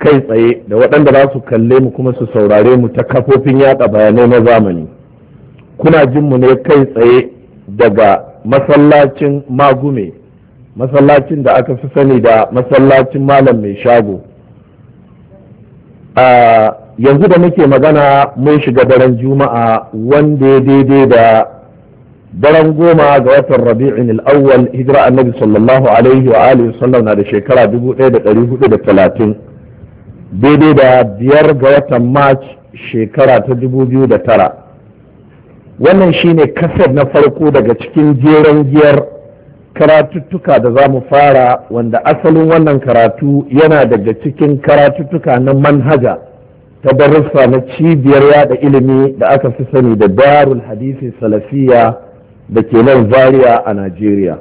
kai tsaye da waɗanda za su kalle mu kuma su saurare mu ta kafofin yaɗa bayanai na zamani kuna jin mu ne kai tsaye daga masallacin magume masallacin da aka fi sani da masallacin malam mai shago a yanzu da muke magana mun shiga daren juma'a wanda ya daidai da daren goma ga watan rabi'in al'awwal hijira annabi sallallahu alaihi wa alihi na da shekara 1430 daidai da biyar ga watan march shekara ta da tara. wannan shine kasar na farko daga cikin jeren giyar karatuttuka da za mu fara wanda asalin wannan karatu yana daga cikin karatuttuka na manhaja ta darussa na cibiyar yada ilimi da aka fi sani da darul hadisi salafiya da ke nan zaria a najeriya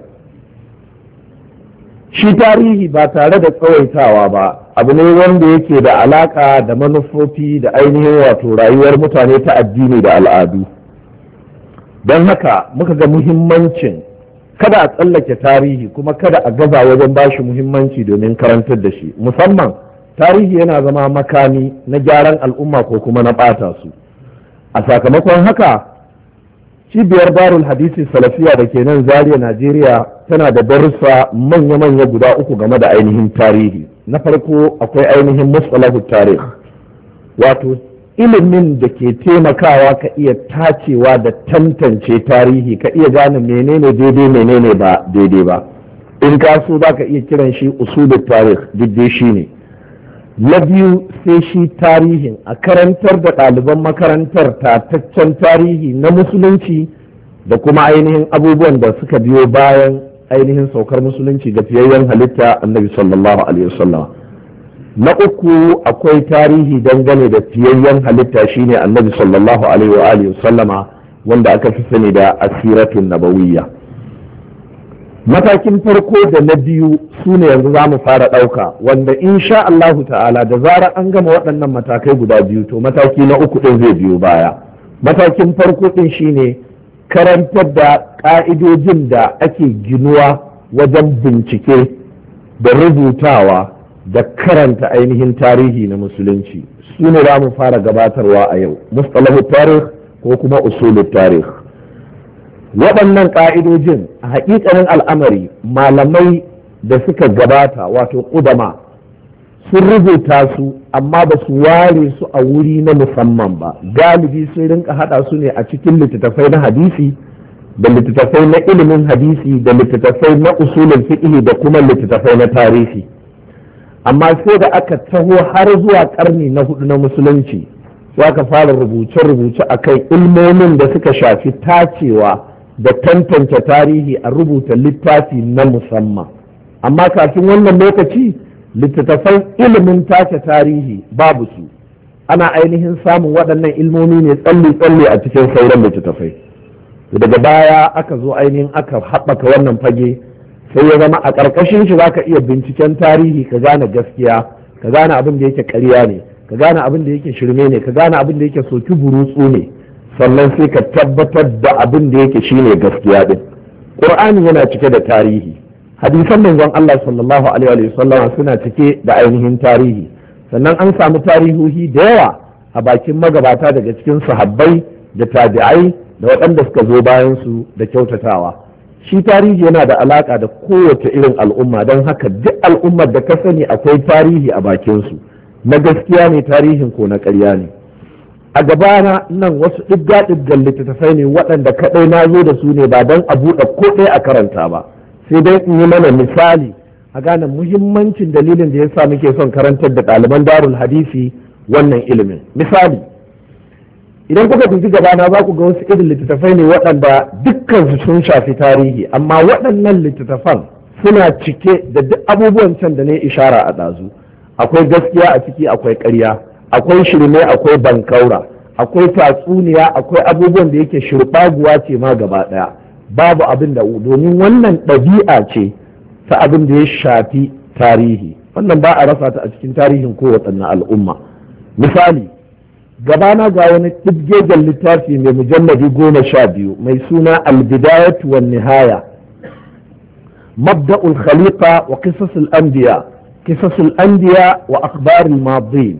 shi tarihi ba tare da tsawaitawa ba abu ne wanda yake da alaka da manufofi da ainihin wato rayuwar mutane ta addini da al'adu don haka muka ga muhimmancin kada a tsallake tarihi kuma kada a gaza wajen bashi muhimmanci domin karantar da shi musamman tarihi yana zama makami na gyaran al'umma ko kuma na bata su a sakamakon haka cibiyar barul hadisi salafiya da ke nan Zariya najeriya tana da darussa manya-manya guda uku game da ainihin tarihi na farko akwai ainihin matsalahu tarih wato ilimin da ke taimakawa ka iya tacewa da tantance tarihi ka iya gane menene daidai menene ba daidai ba in ka so za ka iya kiran shi usulul tarih duk shi ne na biyu sai shi tarihin a karantar da ɗaliban makarantar tataccen tarihi na musulunci da kuma ainihin abubuwan da suka biyo bayan ainihin saukar musulunci ga fiyayyen halitta annabi sallallahu alaihi wasallam na uku akwai tarihi dangane da fiyayyen halitta shine annabi sallallahu alaihi wa alihi wasallama wanda aka fi sani da asiratun nabawiyya matakin farko da na biyu su ne yanzu za mu fara ɗauka wanda insha Allahu ta'ala da zara an gama waɗannan matakai guda biyu to mataki na uku ɗin zai biyo baya matakin farko ɗin shine ne karantar da ƙa'idojin da ake ginuwa wajen bincike da rubutawa da karanta ainihin tarihi na musulunci su ne za mu fara gabatarwa a yau mustalahu tarih ko kuma usulul tarih waɗannan ƙa'idojin a haƙiƙanin al'amari malamai da suka gabata wato ƙudama sun rubuta su amma ba su ware su a wuri na musamman ba galibi sun rinka hada su ne a cikin littattafai na hadisi da littattafai na ilimin hadisi da littattafai na usulin fiqh da kuma littattafai na tarihi amma sai da aka taho har zuwa karni na hudu na musulunci za aka fara rubuce-rubuce a kan ilmomin da suka shafi tacewa da tantance tarihi a rubuta littafi na musamman amma kafin wannan lokaci littattafan ilimin tace tarihi babu su ana ainihin samun waɗannan ilmomi ne tsalle-tsalle a cikin sauran littattafai daga baya aka zo ainihin aka haɓaka wannan fage sai ya zama a ƙarƙashin shi zaka iya binciken tarihi ka gane gaskiya ka gane abin da yake ƙarya ne ka gane abin da yake shirme ne ka gane abin da yake soki burutsu ne sannan sai ka tabbatar da abin da yake shine gaskiya din ƙur'ani yana cike da tarihi hadisan manzon Allah sallallahu alaihi wa sallama suna cike da ainihin tarihi sannan an samu tarihohi da yawa a bakin magabata daga cikin sahabbai da tabi'ai da waɗanda suka zo bayan su da kyautatawa shi tarihi yana da alaka da kowace irin al'umma don haka duk al'ummar da ka sani akwai tarihi a bakin su na gaskiya ne tarihin ko na ƙarya ne a gabana nan wasu ɗigga ɗiggan littattafai ne waɗanda kaɗai na zo da su ne ba don a buɗe ko ɗaya a karanta ba sai dai in yi mana misali a gane muhimmancin dalilin da ya sa muke son karantar da ɗaliban darul hadisi wannan ilimin misali idan kuka gaba gabana za ku ga wasu irin littattafai ne waɗanda dukkan su sun shafi tarihi amma waɗannan littattafan suna cike da duk abubuwan can da na yi ishara a ɗazu akwai gaskiya a ciki akwai ƙarya akwai shirme akwai bankaura akwai tatsuniya akwai abubuwan da yake shirɓaguwa ce ma gaba ɗaya babu abin da domin wannan ɗabi'a ce ta abin da ya shafi tarihi wannan ba a rasa ta a cikin tarihin kowaɗanne al'umma misali gabana ga wani ɗibgegen littafi mai mujallabi goma sha biyu mai suna albidayat wa nihaya mabda'ul khalifa wa kisasul anbiya kisasul anbiya wa akhbarul madin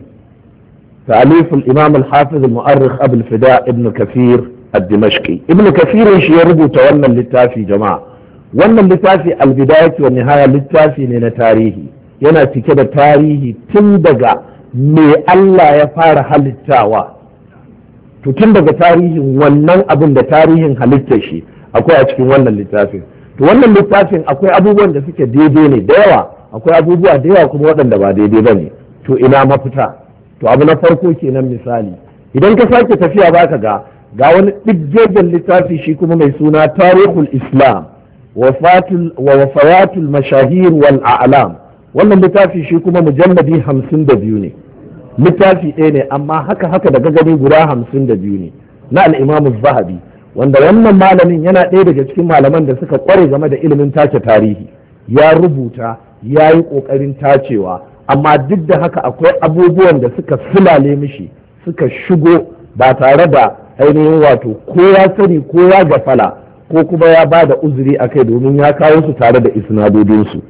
ta'alif al-imam al-hafiz al-mu'arrikh abul fida ibn kafir ad-dimashqi ibn kathir shi ya rubuta wannan littafi jama'a wannan littafi al-bidayatu nihaya littafi ne na tarihi yana cike da tarihi tun daga me Allah ya fara halittawa to tun daga tarihin wannan abin da tarihin halittar shi akwai a cikin wannan littafin to wannan littafin akwai abubuwan da suke daidai ne da yawa akwai abubuwa da yawa kuma waɗanda ba daidai ba ne to ina mafita to abu na farko kenan misali idan ka sake tafiya baka ka ga ga wani ɗibgegen littafi shi kuma mai suna tarihul islam wa wafayatul mashahir wal a'lam wannan littafi shi kuma mujalladi hamsin da biyu ne littafi ɗaya ne amma haka haka daga gani guda hamsin da biyu ne na al'imamu zahabi wanda wannan malamin yana ɗaya daga cikin malaman da suka ƙware game da ilimin tace tarihi ya rubuta ya yi ƙoƙarin tacewa amma duk da haka akwai abubuwan da suka sulale mishi suka shigo ba tare da ainihin wato ko ya sani ko ya gafala ko kuma ya ba da uzuri a kai domin ya kawo su tare da isnadodinsu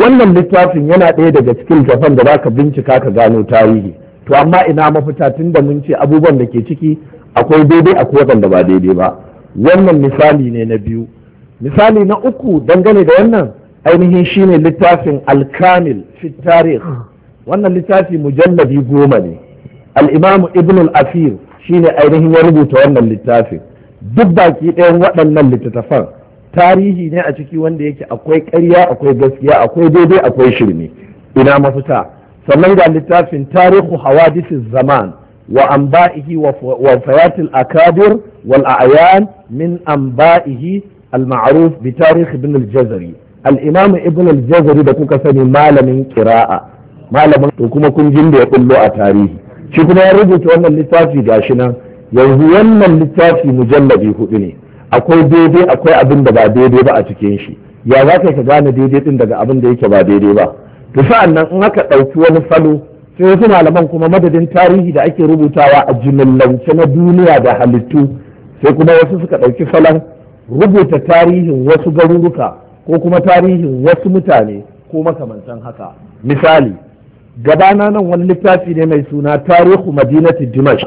wannan littafin yana ɗaya daga cikin jafan da baka bincika ka gano tarihi to amma ina mafita tun da mun ce abubuwan da ke ciki akwai daidai akwai waɗanda ba daidai ba wannan misali ne na biyu misali na uku dangane da wannan ainihin shine littafin alkamil fi tarikh wannan littafi mujalladi goma ne al-imamu ibn al-afir shine ainihin ya rubuta wannan littafin duk baki ɗayan waɗannan littattafan tarihi ne a ciki wanda yake akwai ƙarya akwai gaskiya akwai daidai akwai shirme ina mafita sannan ga littafin tarihu hawadisi zaman wa anba'ihi wa fayatil akadir wal a'yan min anba'ihi al ma'ruf bi tarihi ibn al jazari al imam ibn al jazari da kuka sani malamin qira'a malamin to kuma kun jin da ya kullo a tarihi shi kuma ya rubuta wannan littafi shi nan yanzu wannan littafi mujallabi hudu ne akwai daidai akwai abin da ba daidai ba a cikin shi ya za ka ka gane daidai din daga abin da yake ba daidai ba to sa'an nan in aka ɗauki wani salo sai wasu malaman kuma madadin tarihi da ake rubutawa a jimillance na duniya da halittu sai kuma wasu suka ɗauki salon rubuta tarihin wasu garuruka ko kuma tarihin wasu mutane ko makamantan haka misali gabana nan wani littafi ne mai suna tarihu madinati dimashq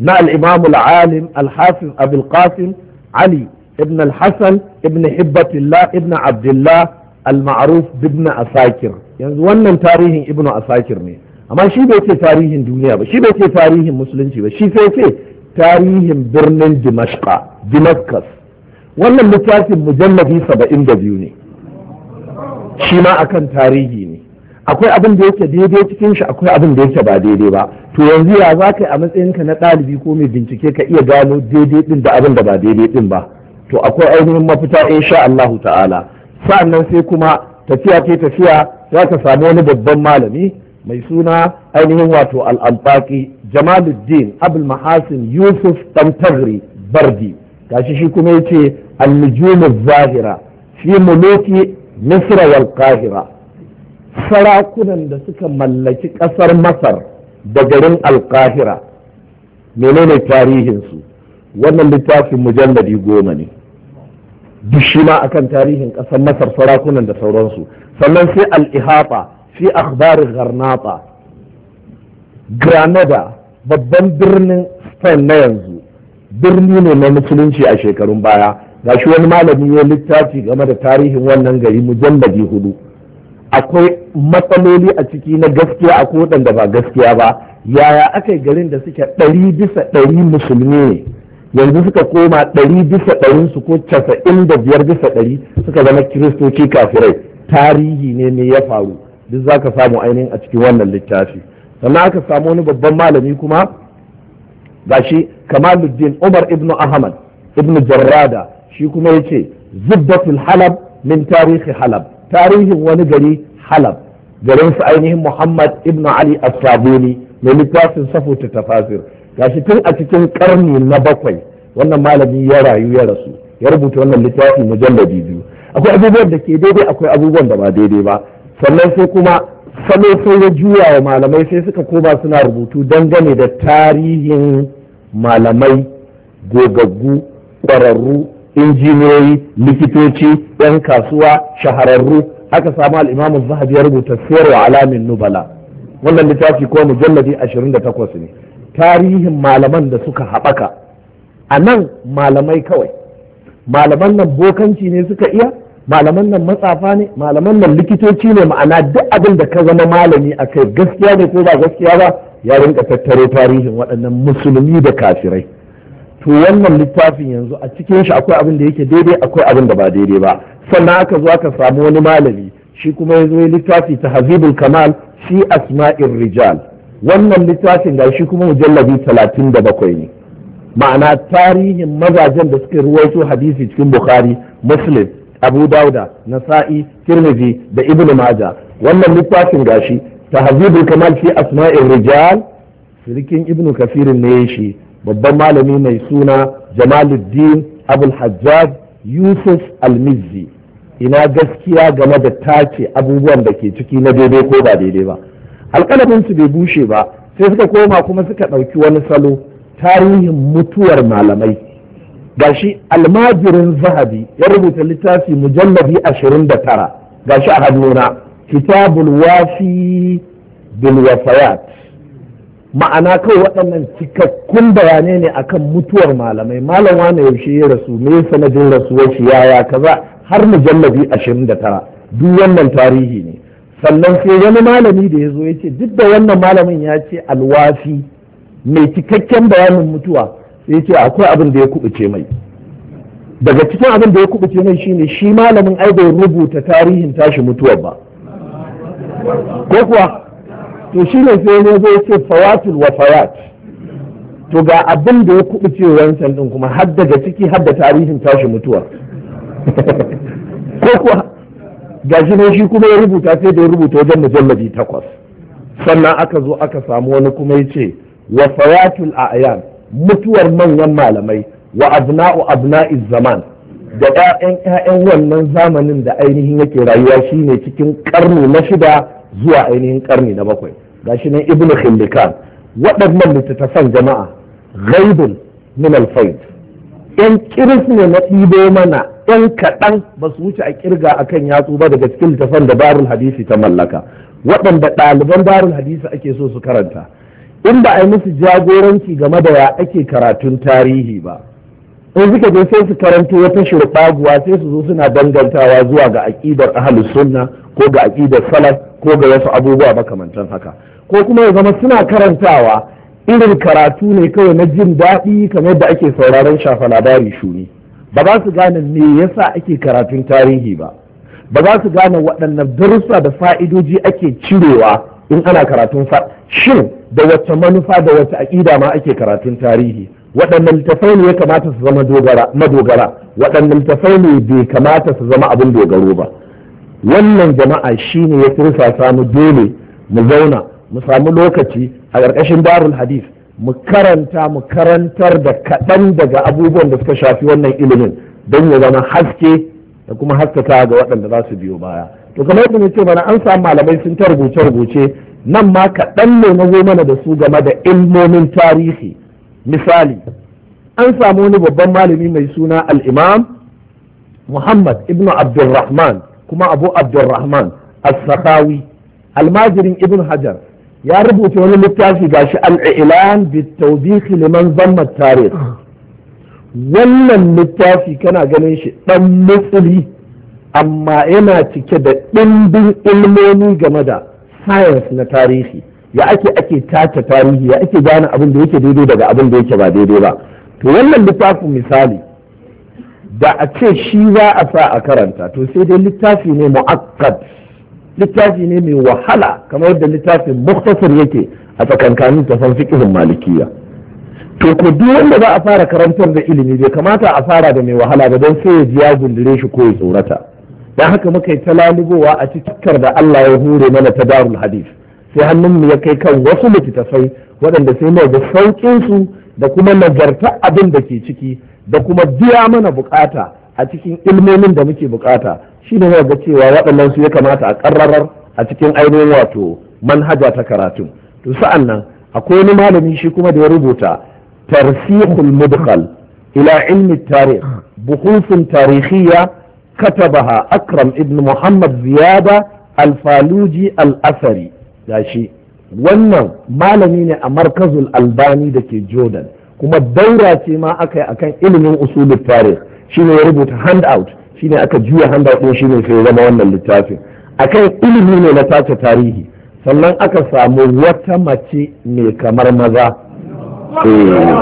na al-imam al-alim al-hafiz qasim ali ibn al-hasan ibn hibbatillah ibn abdullah al-ma'ruf ibn asakir yanzu wannan tarihin ibn asakir ne amma shi bai ce tarihin duniya ba shi bai ce tarihin musulunci ba shi sai ce tarihin birnin dimashqa dimaskas wannan littafin mujalladi 72 ne shi ma akan tarihi ne akwai abin da yake daidai cikin shi akwai abin da yake ba daidai ba to yanzu ya za ka yi a matsayinka na ɗalibi ko mai bincike ka iya gano daidai din da abin da ba daidai din ba to akwai ainihin mafita insha Allahu ta'ala sa'annan sai kuma tafiya ke tafiya za ka samu wani babban malami mai suna ainihin wato al'amfaki jamaluddin abul mahasin yusuf tantagri bardi gashi shi kuma yace al-nujum zahira fi muluki misra wal qahira sarakunan da suka mallaki ƙasar masar da garin alkahira menene tarihinsu wannan littafin mujalladi goma ne duk shi ma akan tarihin ƙasar masar sarakunan da sauransu sannan sai al ihafa fi akhbarin garnata granada babban birnin spain na yanzu birni ne na musulunci a shekarun baya gashi wani malami ya littafi game da tarihin wannan gari mujalladi hudu akwai matsaloli a ciki na gaskiya a waɗanda ba gaskiya ba yaya aka yi garin da suke ɗari bisa ɗari musulmi ne yanzu suka koma ɗari bisa ɗarin su ko casa'in da biyar bisa ɗari suka zama kiristoci kafirai tarihi ne me ya faru duk za ka samu ainihin a cikin wannan littafi sannan aka samu wani babban malami kuma gashi kamaluddin umar ibn ahmad ibn jarrada shi kuma ya ce zubbatul halab min tarihi halab tarihin wani gari halab garin su ainihin muhammad ibn ali as-sabuni mai littafin safuta tafasir gashi tun a cikin karni na bakwai wannan malami ya rayu ya rasu ya rubuta wannan littafi mujalladi biyu akwai abubuwan da ke daidai akwai abubuwan da ba daidai ba sannan sai kuma salo sai ya juya wa malamai sai suka koma suna rubutu dangane da tarihin malamai gogaggu ƙwararru injiniyoyi likitoci yan kasuwa shahararru aka samu al'imamu zahabi ya rubuta siyarwa alamin nubala wannan littafi ko mujalladi 28 ne tarihin malaman da suka haɓaka a nan malamai kawai malaman nan bokanci ne suka iya malaman nan matsafa ne malaman nan likitoci ne ma'ana duk abin da ka zama malami a kai gaskiya ne ko ba gaskiya ba ya rinka tattaro tarihin waɗannan musulmi da kafirai to wannan littafin yanzu a cikin shi akwai abin da yake daidai akwai abin da ba daidai ba sannan aka zo aka samu wani malami shi kuma ya zo ya littafi ta hazibul kamal fi asma'ir rijal wannan littafin ga shi kuma mujallabi talatin da bakwai ne ma'ana tarihin mazajen da suka ruwaito hadisi cikin bukhari muslim abu dauda nasa'i tirmidhi da ibn maja wannan littafin gashi tahzibul kamal fi asma'ir rijal sirikin ibn kafirin ne shi babban malami mai suna jamaluddin abul hajjaj yusuf almizzi ina gaskiya game da tace abubuwan da ke ciki na daidai ko ba daidai ba alƙalamin su bai bushe ba sai suka koma kuma suka ɗauki wani salo tarihin mutuwar malamai gashi almajirin zahabi ya rubuta littafi mujallabi ashirin da tara gashi a hannuna kitabul wafi bil ma'ana kawai waɗannan cikakkun bayanai ne akan mutuwar malamai malam wani yaushe ya rasu me sanadin rasuwar shi yaya kaza har mujallabi ashirin da tara duk wannan tarihi ne sannan sai wani malami da ya zo ya ce duk da wannan malamin ya ce alwafi mai cikakken bayanin mutuwa sai ce akwai abin da ya kubuce mai daga cikin abin da ya kubuce mai shine shi malamin ai bai rubuta tarihin tashi mutuwar ba ko kuwa to shi ne sai ne zai ce fawatul wa fawat to ga abin da ya kuɓi wancan ɗin kuma har daga ciki har da tarihin tashi mutuwa ko kuwa ga shi ne shi kuma ya rubuta sai da ya rubuta wajen mujalladi takwas sannan aka zo aka samu wani kuma ya ce wa fawatul a'yan mutuwar manyan malamai wa abna'u abna'i zaman da ƴaƴan ƴaƴan wannan zamanin da ainihin yake rayuwa shine cikin karni na shida zuwa ainihin karni na bakwai gashi nan ibn khillikan waɗannan littattafan jama'a ghaibun min al yan kiris ne na ɗibo mana yan kaɗan ba su wuce a kirga akan yatsu ba daga cikin littattafan da barul hadisi ta mallaka waɗanda ɗaliban barul hadisi ake so su karanta in ba a yi musu jagoranci game da ya ake karatun tarihi ba in suka je sai su karanto wata shirɓaguwa sai su zo suna dangantawa zuwa ga aƙidar ahlus sunna ko ga aƙidar salaf ko ga wasu abubuwa makamantan haka ko kuma ya zama suna karantawa irin karatu ne kawai na jin daɗi kamar da ake sauraron shafa labari shuni ba za su gane me yasa ake karatun tarihi ba ba za su gane waɗannan darussa da fa'idoji ake cirewa in ana karatun fa shin da wacce manufa da wacce aƙida ma ake karatun tarihi waɗannan littafai ne ya kamata su zama madogara waɗannan littafai ne bai kamata su zama abin dogaro ba wannan jama'a shine ya turfa samu dole mu zauna mu samu lokaci a ƙarƙashin darul hadith mu karanta mu karantar da kaɗan daga abubuwan da suka shafi wannan ilimin don ya zama haske da kuma haskaka ga waɗanda za su biyo baya to kamar yadda ce mana an samu malamai sun ta rubuce rubuce nan ma kaɗan ne na zo mana da su game da ilmomin tarihi misali an samu wani babban malami mai suna al'imam muhammad ibnu abdulrahman kuma abu abdurrahman as-sakawi almajirin ibn hajar ya rubuta wani littafi gashi al-ilan bi tawbikh liman zamma tarikh wannan littafi kana ganin shi dan mutsuli amma yana cike da ɗimbin ilmomi game da science na tarihi ya ake ake tace tarihi ya ake gane abin da yake daidai daga abin da yake ba daidai ba to wannan littafin misali da a ce shi za a sa a karanta to sai dai littafi ne mu'akkad littafi ne mai wahala kamar yadda littafin muktasar yake a tsakankanin tafan fiqhin malikiya to ko duk wanda za a fara karantar da ilimi bai kamata a fara da mai wahala ba don sai ya ji ya gundure shi ko ya tsorata dan haka muka yi ta lalubowa a cikin da Allah ya hure mana ta darul hadith sai mu ya kai kan wasu littattafai waɗanda sai mai da su da kuma nazarta abin da ke ciki da kuma biya mana bukata a cikin ilmomin da muke bukata shi ne ga cewa waɗannan su ya kamata a ƙarrarar a cikin ainihin wato manhaja ta karatun to sa'an nan akwai wani malami shi kuma da ya rubuta tarsihul mudkhal ila ilmi tarikh buhusun tarihiyya katabaha akram ibn muhammad ziyada alfaluji al-asari gashi wannan malami ne a markazul albani da ke jordan kuma daura ce ma aka yi akan ilimin usulul tarih shine ya rubuta handout shine aka juya handout din shine sai ya zama wannan littafin akan ilimi ne na tace tarihi sannan aka samu wata mace mai kamar maza eh,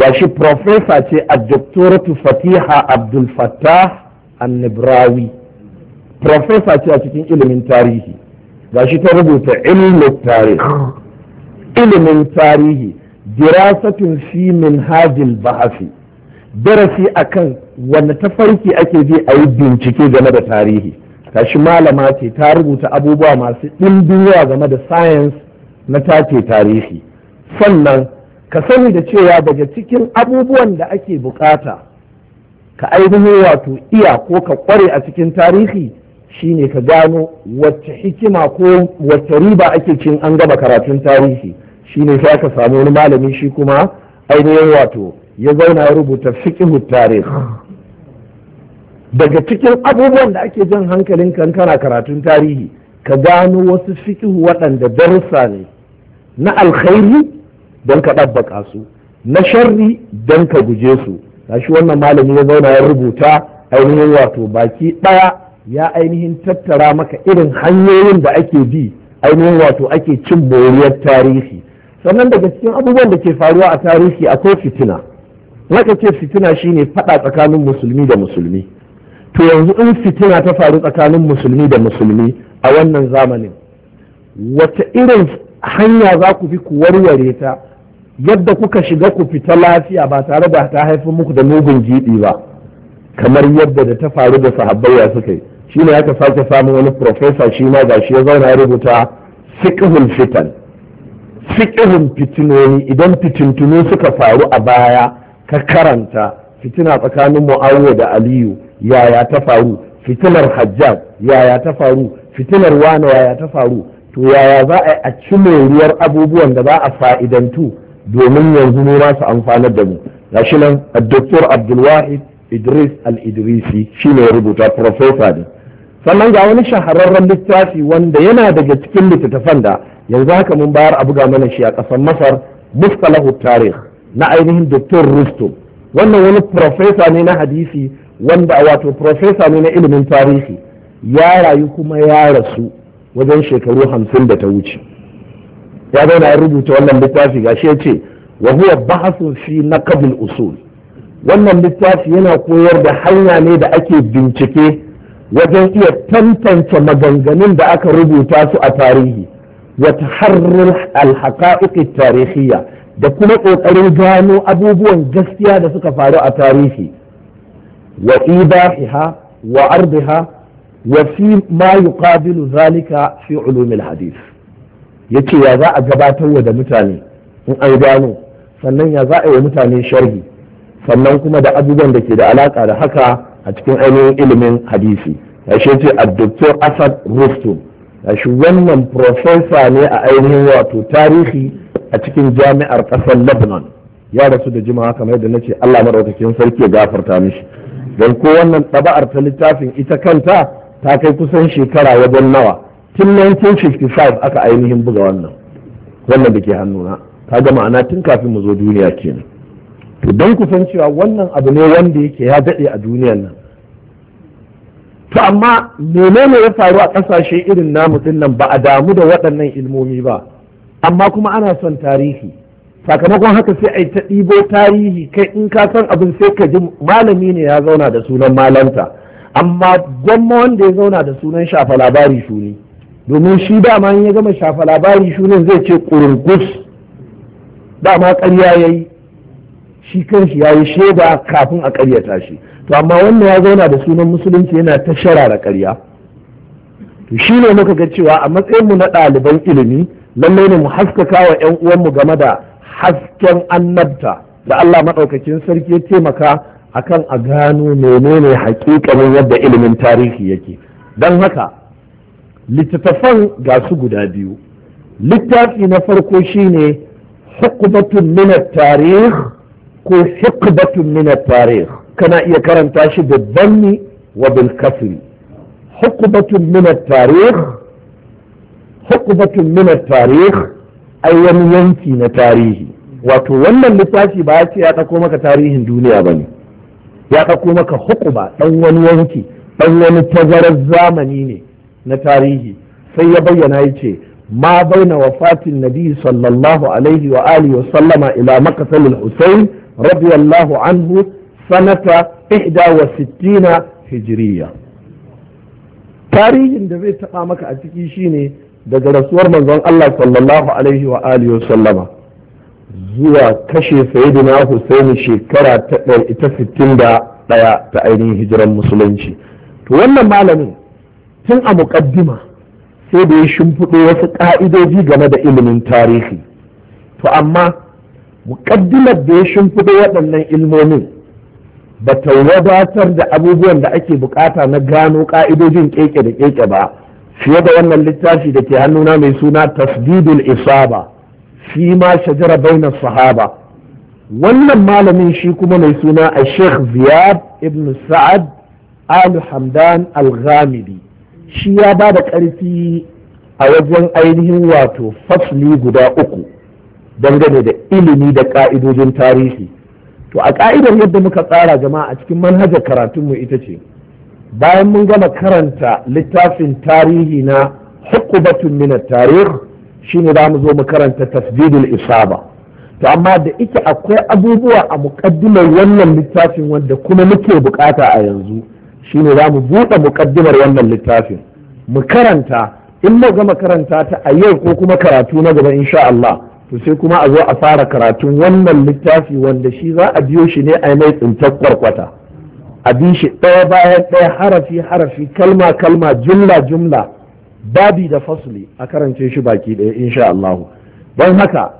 gashi profesa ce a doktoratu fatiha abdul fattah annibrawi profesa ce a cikin ilimin tarihi gashi ta rubuta ilimin tarihi ilimin tarihi dirasatun fi min hajil bahasi darasi akan wanne tafarki ake bi a yi bincike game da tarihi tashi malama ce ta rubuta abubuwa masu ɗimbin yawa game da science na tace tarihi sannan ka sani da cewa daga cikin abubuwan da ake bukata ka ainihin wato iya ko ka kware a cikin tarihi shine ka gano wacce hikima ko wacce riba ake cin an gaba karatun tarihi shine sai aka samu wani malami shi kuma ainihin wato ya zauna ya rubuta fiqhu tarikh daga cikin abubuwan da ake jan hankalin kan kana karatun tarihi ka gano wasu fiqhu waɗanda darussa ne na alkhairi don ka ɗabbaƙa su na sharri don ka guje su shi wannan malami ya zauna ya rubuta ainihin wato baki ɗaya ya ainihin tattara maka irin hanyoyin da ake bi ainihin wato ake cin boriyar tarihi sannan daga cikin abubuwan da ke faruwa a tarihi akwai fitina naka ce fitina shine faɗa tsakanin musulmi da musulmi to yanzu in fitina ta faru tsakanin musulmi da musulmi a wannan zamanin wata irin hanya za ku fi ku warware ta yadda kuka shiga ku fita lafiya ba tare da ta haifar muku da mugun jiɗi ba kamar yadda da ta faru da sahabbaiya suka yi shi ne aka sake samun wani profesa shi ma gashi ya zauna ya rubuta fiqhul fitan fiƙihin fitinoni idan fitintunu suka faru a baya ka karanta fitina tsakanin mu'awiya da aliyu yaya ta faru fitinar hajjaj yaya ta faru fitinar wane yaya ta faru to yaya za a yi a ci moriyar abubuwan da za a fa'idantu domin yanzu mu ma su amfanar da mu gashi nan dr abdulwahid idris al-idrisi shine rubuta professor ne sannan ga wani shahararren littafi wanda yana daga cikin littattafan da yanzu haka mun bayar a buga mana shi a ƙasar masar mustalahu tarih na ainihin doktor rustum wannan wani profesa ne na hadisi wanda wato profesa ne na ilimin tarihi ya rayu kuma ya rasu wajen shekaru hamsin da ta wuce ya zauna ya rubuta wannan littafi gashi ya ce wa huwa bahasun fi naqdil usul wannan littafi yana koyar da hanya ne da ake bincike wajen iya tantance maganganun da aka rubuta su a tarihi wa taharrur al tarihiyya da kuma ƙoƙarin gano abubuwan gaskiya da suka faru a tarihi wa idahiha wa ardiha wa fi ma yuqabilu zalika fi ulumil hadith yace ya za a gabatar wa da mutane in an gano sannan ya za a yi wa mutane sharhi sannan kuma da abubuwan da ke da alaka da haka a cikin ainihin ilimin hadisi ya ce a asad rustum shi wannan profesa ne a ainihin wato tarihi a cikin jami'ar ƙasar lebanon ya rasu da jima'a kamar da ce, allah maɗaukakin sarki ya gafarta mishi don ko wannan ɗaba'ar ta littafin ita kanta ta kai kusan shekara wajen nawa tun 1955 aka ainihin buga wannan wannan da ke hannuna ta ga ma'ana tun kafin mu zo duniya kenan to don kusan cewa wannan abu ne wanda yake ya daɗe a duniyar nan to amma menene ya faru a ƙasashe irin namu nan ba a damu da waɗannan ilmomi ba amma kuma ana son tarihi sakamakon haka sai a yi ta ɗibo tarihi kai in ka san abin sai ka ji malami ne ya zauna da sunan malanta amma gwamma wanda ya zauna da sunan shafa labari shuni domin shi dama ya gama shafa labari shunin zai ce kurungus dama ƙarya ya yi shi kanshi ya yi shaida kafin a ƙaryata shi to amma wannan ya zauna da sunan musulunci yana ta sharara ƙarya to shi ne muka ga cewa a matsayin mu na ɗaliban ilimi lallai ne mu haskaka wa ƴan uwanmu game da hasken annabta da Allah maɗaukakin sarki ya taimaka akan a gano menene hakikanin yadda ilimin tarihi yake don haka littattafan ga su guda biyu littafi na farko shine hukubatun minar tarih ko hukubatun minar tarih kana iya karanta shi da banni wa bil kasri hukubatun min tarih tarikh min tarih ai wani yanki na tarihi wato wannan littafi ba ya ce ya ɗauko maka tarihin duniya ba ne ya ɗauko maka hukuma ɗan wani yanki ɗan wani tazarar zamani ne na tarihi sai ya bayyana ya ce ma baina wafatin nabi sallallahu alaihi wa alihi wa sallama ila maqtalil husain radiyallahu anhu sanata 61 hijiriya tarihin da zai taɓa maka a ciki shine daga rasuwar manzon Allah sallallahu alaihi wa alihi sallama zuwa kashe sayyidina Husaini shekara ta 61 ta ainihin hijiran musulunci to wannan malamin tun a muƙaddima sai da ya shimfiɗo wasu ƙa'idoji game da ilimin tarihi to amma muƙaddimar da ya shimfiɗo waɗannan ilmomin ba ta wadatar da abubuwan da ake bukata na gano ka'idojin keke da keke ba fiye da wannan littafi da ke hannuna mai suna tasdidul isaba fi ma shajara baina sahaba wannan malamin shi kuma mai suna a sheikh ziyad ibn sa'ad al hamdan al ghamidi shi ya ba da ƙarfi a wajen ainihin wato fasli guda uku dangane da ilimi da ƙa'idojin tarihi to a ka'idar yadda muka tsara jama'a a cikin manhajar karatunmu ita ce bayan mun gama karanta littafin tarihi na hukubatun min tarih shine za mu zo mu karanta tasbidul isaba to amma da ita akwai abubuwa a muƙaddimar wannan littafin wanda kuma muke bukata a yanzu shine za mu buɗe muƙaddimar wannan littafin mu karanta in mu gama karanta ta a yau ko kuma karatu na gaba insha Allah to sai kuma a zo a fara karatun wannan littafi wanda shi za a biyo shi ne a mai tsintar kwarkwata a bi shi ɗaya bayan ɗaya harafi harafi kalma kalma jumla jumla babi da fasuli a karance shi baki ɗaya insha Allah don haka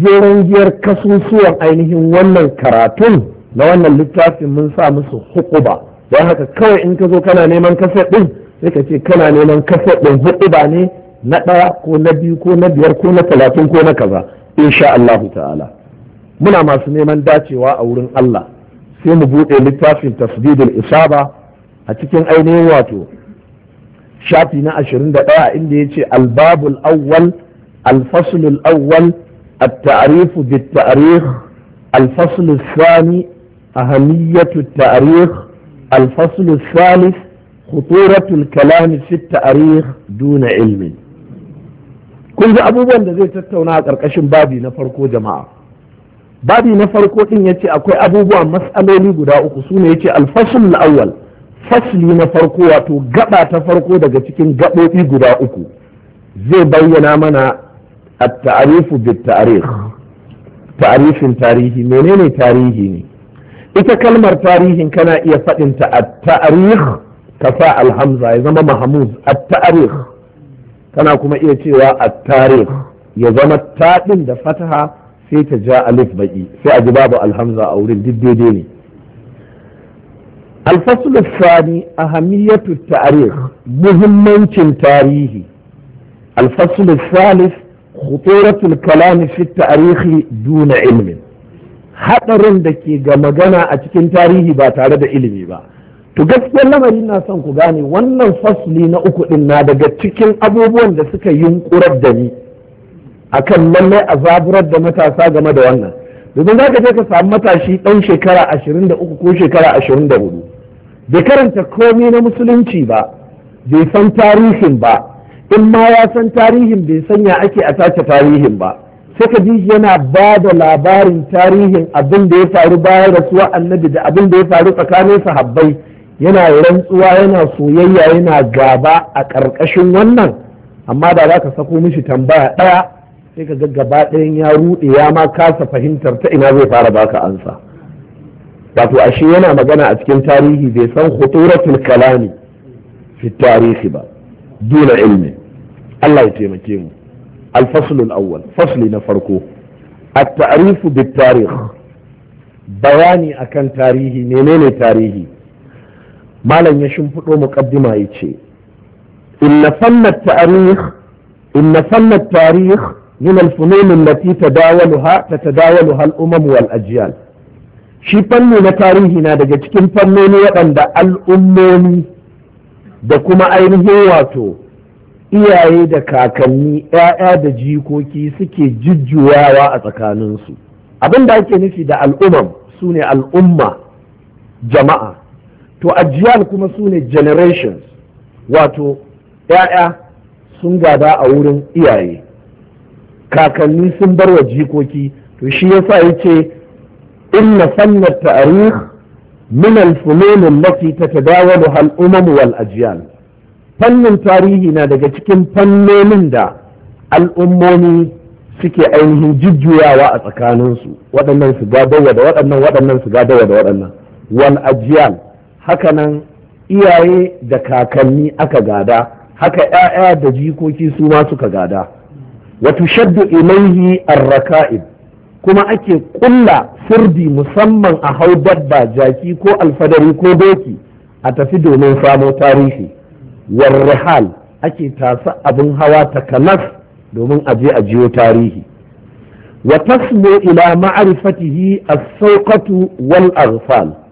jerin giyar kasusuwan ainihin wannan karatun na wannan littafin mun sa musu hukuba don haka kawai in ka zo kana neman kaset ɗin sai ka ce kana neman kaset ɗin hukuba ne na ɗaya ko na biyu ko na biyar ko na talatin ko na kaza insha Allah ta'ala muna masu neman dacewa a wurin Allah sai mu buɗe littafin tasbidul isaba a cikin ainihin wato shafi na ashirin da ɗaya inda ya ce albabul awwal alfaslul awwal التعريف بالتاريخ الفصل الثاني أهمية التاريخ الفصل الثالث خطورة الكلام في التاريخ دون علم kun ji abubuwan da zai tattauna a ƙarƙashin babi na farko jama'a babi na farko din yace akwai abubuwa mas'aloli guda uku sune yace al-fasl awwal fasli na farko wato gaba ta farko daga cikin gabobi guda uku zai bayyana mana a tarifu bit tarihi menene tarihi ne ita kalmar tarihin kana iya faɗinta a tarikh ka sa alhamza ya zama mahmuz at kana kuma iya cewa a tarih ya zama taɗin da fataha sai ta ja alif baƙi sai a ji babu alhamza a wurin duk daidai ne الفصل الثاني أهمية التاريخ مهمة تاريخي الفصل الثالث خطورة الكلام في tarihi, duna علم haɗarin da ke ga magana a cikin tarihi ba tare da ilimi ba to gaskiyar lamari na son ku gane wannan fasli na uku din na daga cikin abubuwan da suka yunkurar da ni akan lallai a zaburar da matasa game da wannan domin za ka je ka samu matashi ɗan shekara ashirin da uku ko shekara ashirin da hudu bai karanta komai na musulunci ba bai san tarihin ba in ma ya san tarihin bai sanya ake a tace tarihin ba sai ka ji yana ba da labarin tarihin abin da ya faru bayan rasuwa annabi da abin da ya faru tsakanin sahabbai yana rantsuwa yana soyayya yana gaba a ƙarƙashin wannan amma da za ka sako mishi tambaya ɗaya sai ka ga gaba ɗayan ya ruɗe ya ma kasa fahimtar ta ina zai fara baka ansa wato ashe yana magana a cikin tarihi bai san khuturatul kalami fi tarihi ba duna ilmi Allah ya taimake mu alfaslul awwal fasli na farko at-ta'rifu bit tarikh bayani akan tarihi menene tarihi malam ya shimfiɗo muqaddima ya ce inna fanna tarih inna fanna tarih min al-funun allati tadawaluha tatadawaluha al wal ajyal shi fanni na tarihi na daga cikin fannoni waɗanda al'ummomi da kuma ainihin wato iyaye da kakanni ‘ya'ya da jikoki suke jujjuyawa a tsakaninsu abin da ake nufi da al'umam su ne al'umma jama'a to ajiyal kuma su ne generations wato ‘ya'ya sun gada a wurin iyaye kakanni sun bar wa jikoki to shi yasa ya ce inna sannar tarih min al-funun allati tatadawalu hal umam wal ajyal fannin tarihi na daga cikin fannonin da al'ummomi suke ainihin jujjuyawa a tsakaninsu waɗannan su gadawa da waɗannan waɗannan su gadawa da waɗannan wal ajyal Haka nan iyaye da kakanni aka gada haka 'ya'ya da jikoki su ma suka gada wato shaddu ilaihi arraka'ib kuma ake kulla furdi musamman a hau dabba jaki ko alfadari ko doki a tafi domin samo tarihi warrihal ake tasa abin hawa takanas domin aje a jiyo tarihi wa tasmo ila ma'arifatihi as-sauqatu wal arfal.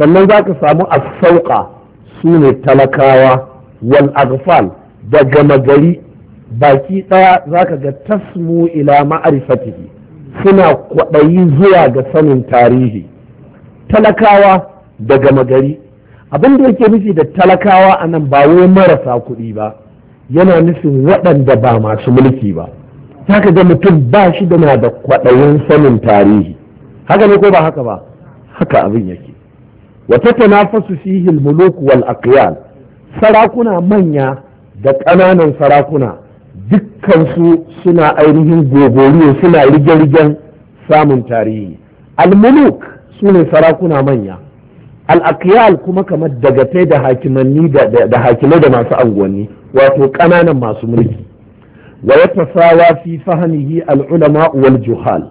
sannan za ka samu asauka su ne talakawa wal agfal daga magari, baki ɗaya za ka ga tasmu ila ma'arifatihi suna kwaɗayi zuwa ga sanin tarihi talakawa da gama abin da yake nufi da talakawa a nan ba wai marasa kuɗi ba yana nufin waɗanda ba masu mulki ba za ka ga mutum ba shi da na da kwaɗayin sanin tarihi haka ne ko ba haka ba haka abin yake wa tatanafasu fihi al-muluk wal aqyal sarakuna manya da ƙananan sarakuna dukkansu suna ainihin gogoriyo suna rige-rigen samun tarihi al-muluk su sarakuna manya al-aqyal kuma kamar dagatai da hakimanni da hakimai da masu anguwanni, wato ƙananan masu mulki wa ya fi fahimihi al-ulama juhal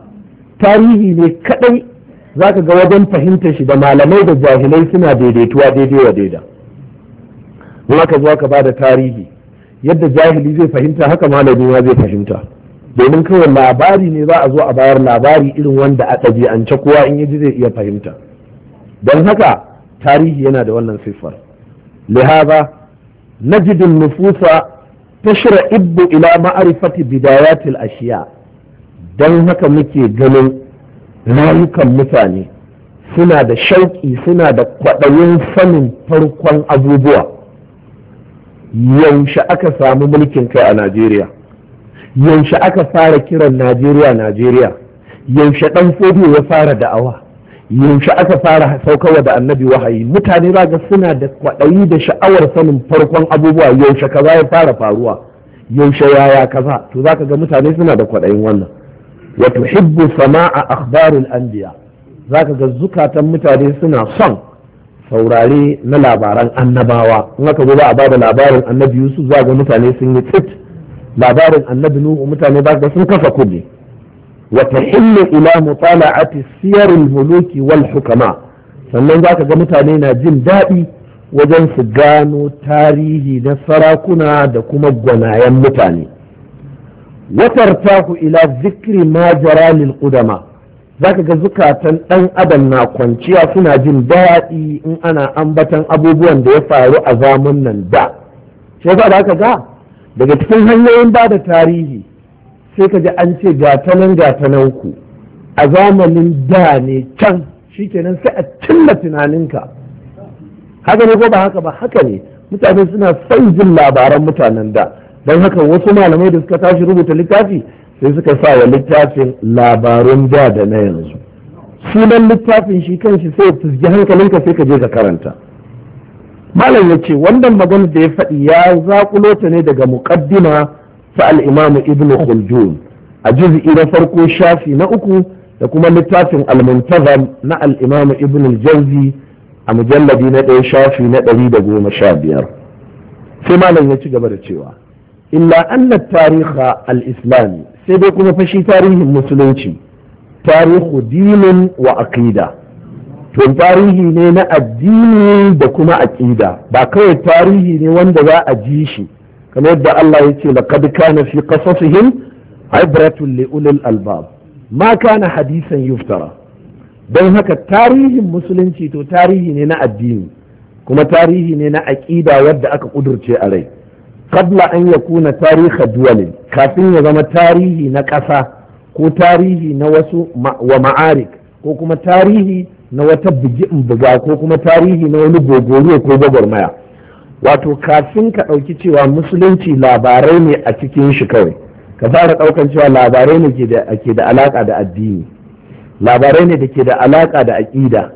tarihi ne kadai za ka ga wajen fahimtar shi da malamai da jahilai suna daidaituwa daidai wa daida in aka zo aka bada tarihi yadda jahili zai fahimta haka malami ma zai fahimta domin kawai labari ne za a zo a bayar labari irin wanda a ɗabi'ance kowa in yaji zai iya fahimta don haka tarihi yana da wannan siffar lihaza نجد النفوس تشرئب ila معرفة بدايات ashiya don haka muke ganin rayukan mutane suna da shauƙi suna da kwaɗayin sanin farkon abubuwa yaushe aka samu mulkin kai a najeriya yaushe aka fara kiran najeriya najeriya yaushe ɗan fodiyo ya fara da'awa yaushe aka fara saukarwa da annabi wahayi mutane raga suna da kwaɗayi da sha'awar sanin farkon abubuwa yaushe kaza ya fara faruwa yaushe yaya kaza to zaka ga mutane suna da kwaɗayin wannan wa tuhibbu sama'a akhbarul anbiya zaka ga zukatan mutane suna son saurare na labaran annabawa in aka zo za a bada labarin annabi Yusuf za ga mutane sun yi tsit labarin annabi Nuhu mutane za ga sun kasa kuɗi wa tahillu ila mutala'ati siyarul muluki wal hukama sannan za ka ga mutane na jin daɗi wajen su gano tarihi na sarakuna da kuma gwanayen mutane watartahu ila zikri ma jara lil qudama zaka ga zukatan dan adam na kwanciya suna jin daɗi in ana ambatan abubuwan da ya faru a zaman nan da sai yasa zaka ga daga cikin hanyoyin ba da tarihi sai ka ji an ce gatanan gatanan ku a zamanin da ne can shikenan sai a cilla tunaninka haka ne ko ba haka ba haka ne mutane suna son jin labaran mutanen da don haka wasu malamai da suka tashi rubuta littafi sai suka sa wa littafin labarun da da na yanzu sunan littafin shi kanshi sai fusgi hankalinka sai ka je ka karanta malam ya ce wannan magana da ya faɗi ya zaƙulo ta ne daga mukaddima ta al'imamu ibn khuldun a juz'i na farko shafi na uku da kuma littafin al-muntazam na al'imamu ibn al-jawzi a mujalladi na ɗaya shafi na ɗari da goma sha biyar sai malam ya ci gaba da cewa illa anna tariha al-islami sai dai kuma fashi tarihin musulunci tarihu dinin wa aqida to tarihi ne na addini da kuma aqida ba kawai tarihi ne wanda za a ji shi kamar yadda Allah ya ce laqad kana fi qasasihim ibratun li ulil albab ma kana hadisan yuftara don haka tarihin musulunci to tarihi ne na addini kuma tarihi ne na aqida wadda aka kudurce a rai Kabla an ya kuna tariha duwalin kafin ya zama tarihi na ƙasa ko tarihi na wasu wa ma'arik ko kuma tarihi na wata in buga ko kuma tarihi na wani gogoriyo ko maya. wato kafin ka ɗauki cewa musulunci labarai ne a cikin shi kawai ka fara ɗaukan cewa labarai ne ke da alaƙa da addini labarai ne da ke da alaƙa da aƙida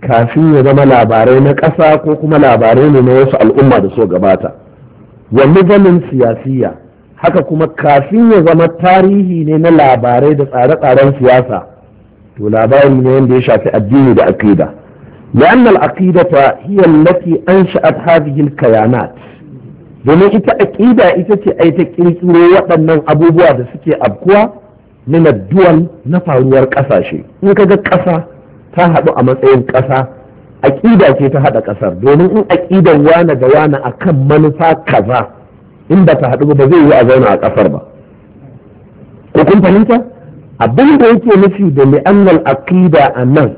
kafin ya zama labarai na ƙasa ko kuma labarai ne na wasu al'umma da so gabata wa nizamin siyasiya haka kuma kafin ya zama tarihi ne na labarai da tsare-tsaren siyasa to labari ne wanda ya shafi addini da aqida لأن العقيدة هي التي أنشأت هذه الكيانات domin ita aƙida ita ce ai ta ƙirƙiro waɗannan abubuwa da suke abkuwa na duwal na faruwar ƙasashe in ka ga ƙasa ta haɗu a matsayin ƙasa aƙida ce ta haɗa ƙasar domin in aƙidan wane da wane akan manufa kaza in ba ta haɗu ba zai yi a zauna a ƙasar ba ko kun fahimta abin da yake nufi da li'annal aƙida a nan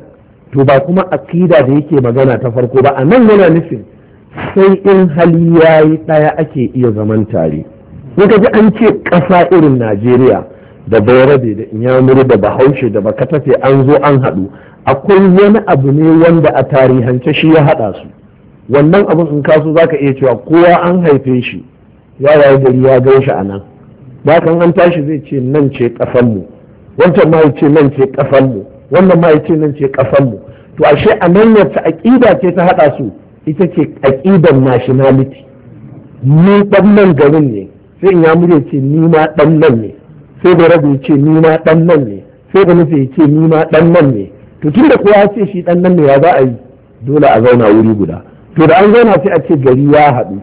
to ba kuma aƙida da yake magana ta farko ba a nan yana nufin sai in hali ya yi ɗaya ake iya zaman tare in ka ji an ce ƙasa irin najeriya da bayarabe da inyamuri da bahaushe da bakatafe an zo an haɗu akwai wani abu ne wanda a tarihance shi ya haɗa su wannan abin in kasu za ka iya cewa kowa an haife shi ya rayu gari ya gan shi a nan ba kan an tashi zai ce nan ce ƙasanmu wancan ma ce nan ce ƙasanmu wannan ma ce nan ce ƙasanmu to ashe a nan yadda aƙida ce ta haɗa su ita ce aƙidan nationality ni ɗan nan garin ne sai in ya mure ce ni ma ɗan nan ne sai da rabu ce ni ma ɗan nan ne sai da nufi ce ni ma ɗan nan ne to tun da kowa ce shi dan nan ne ya za a yi dole a zauna wuri guda to da an zauna sai a ce gari ya haɗu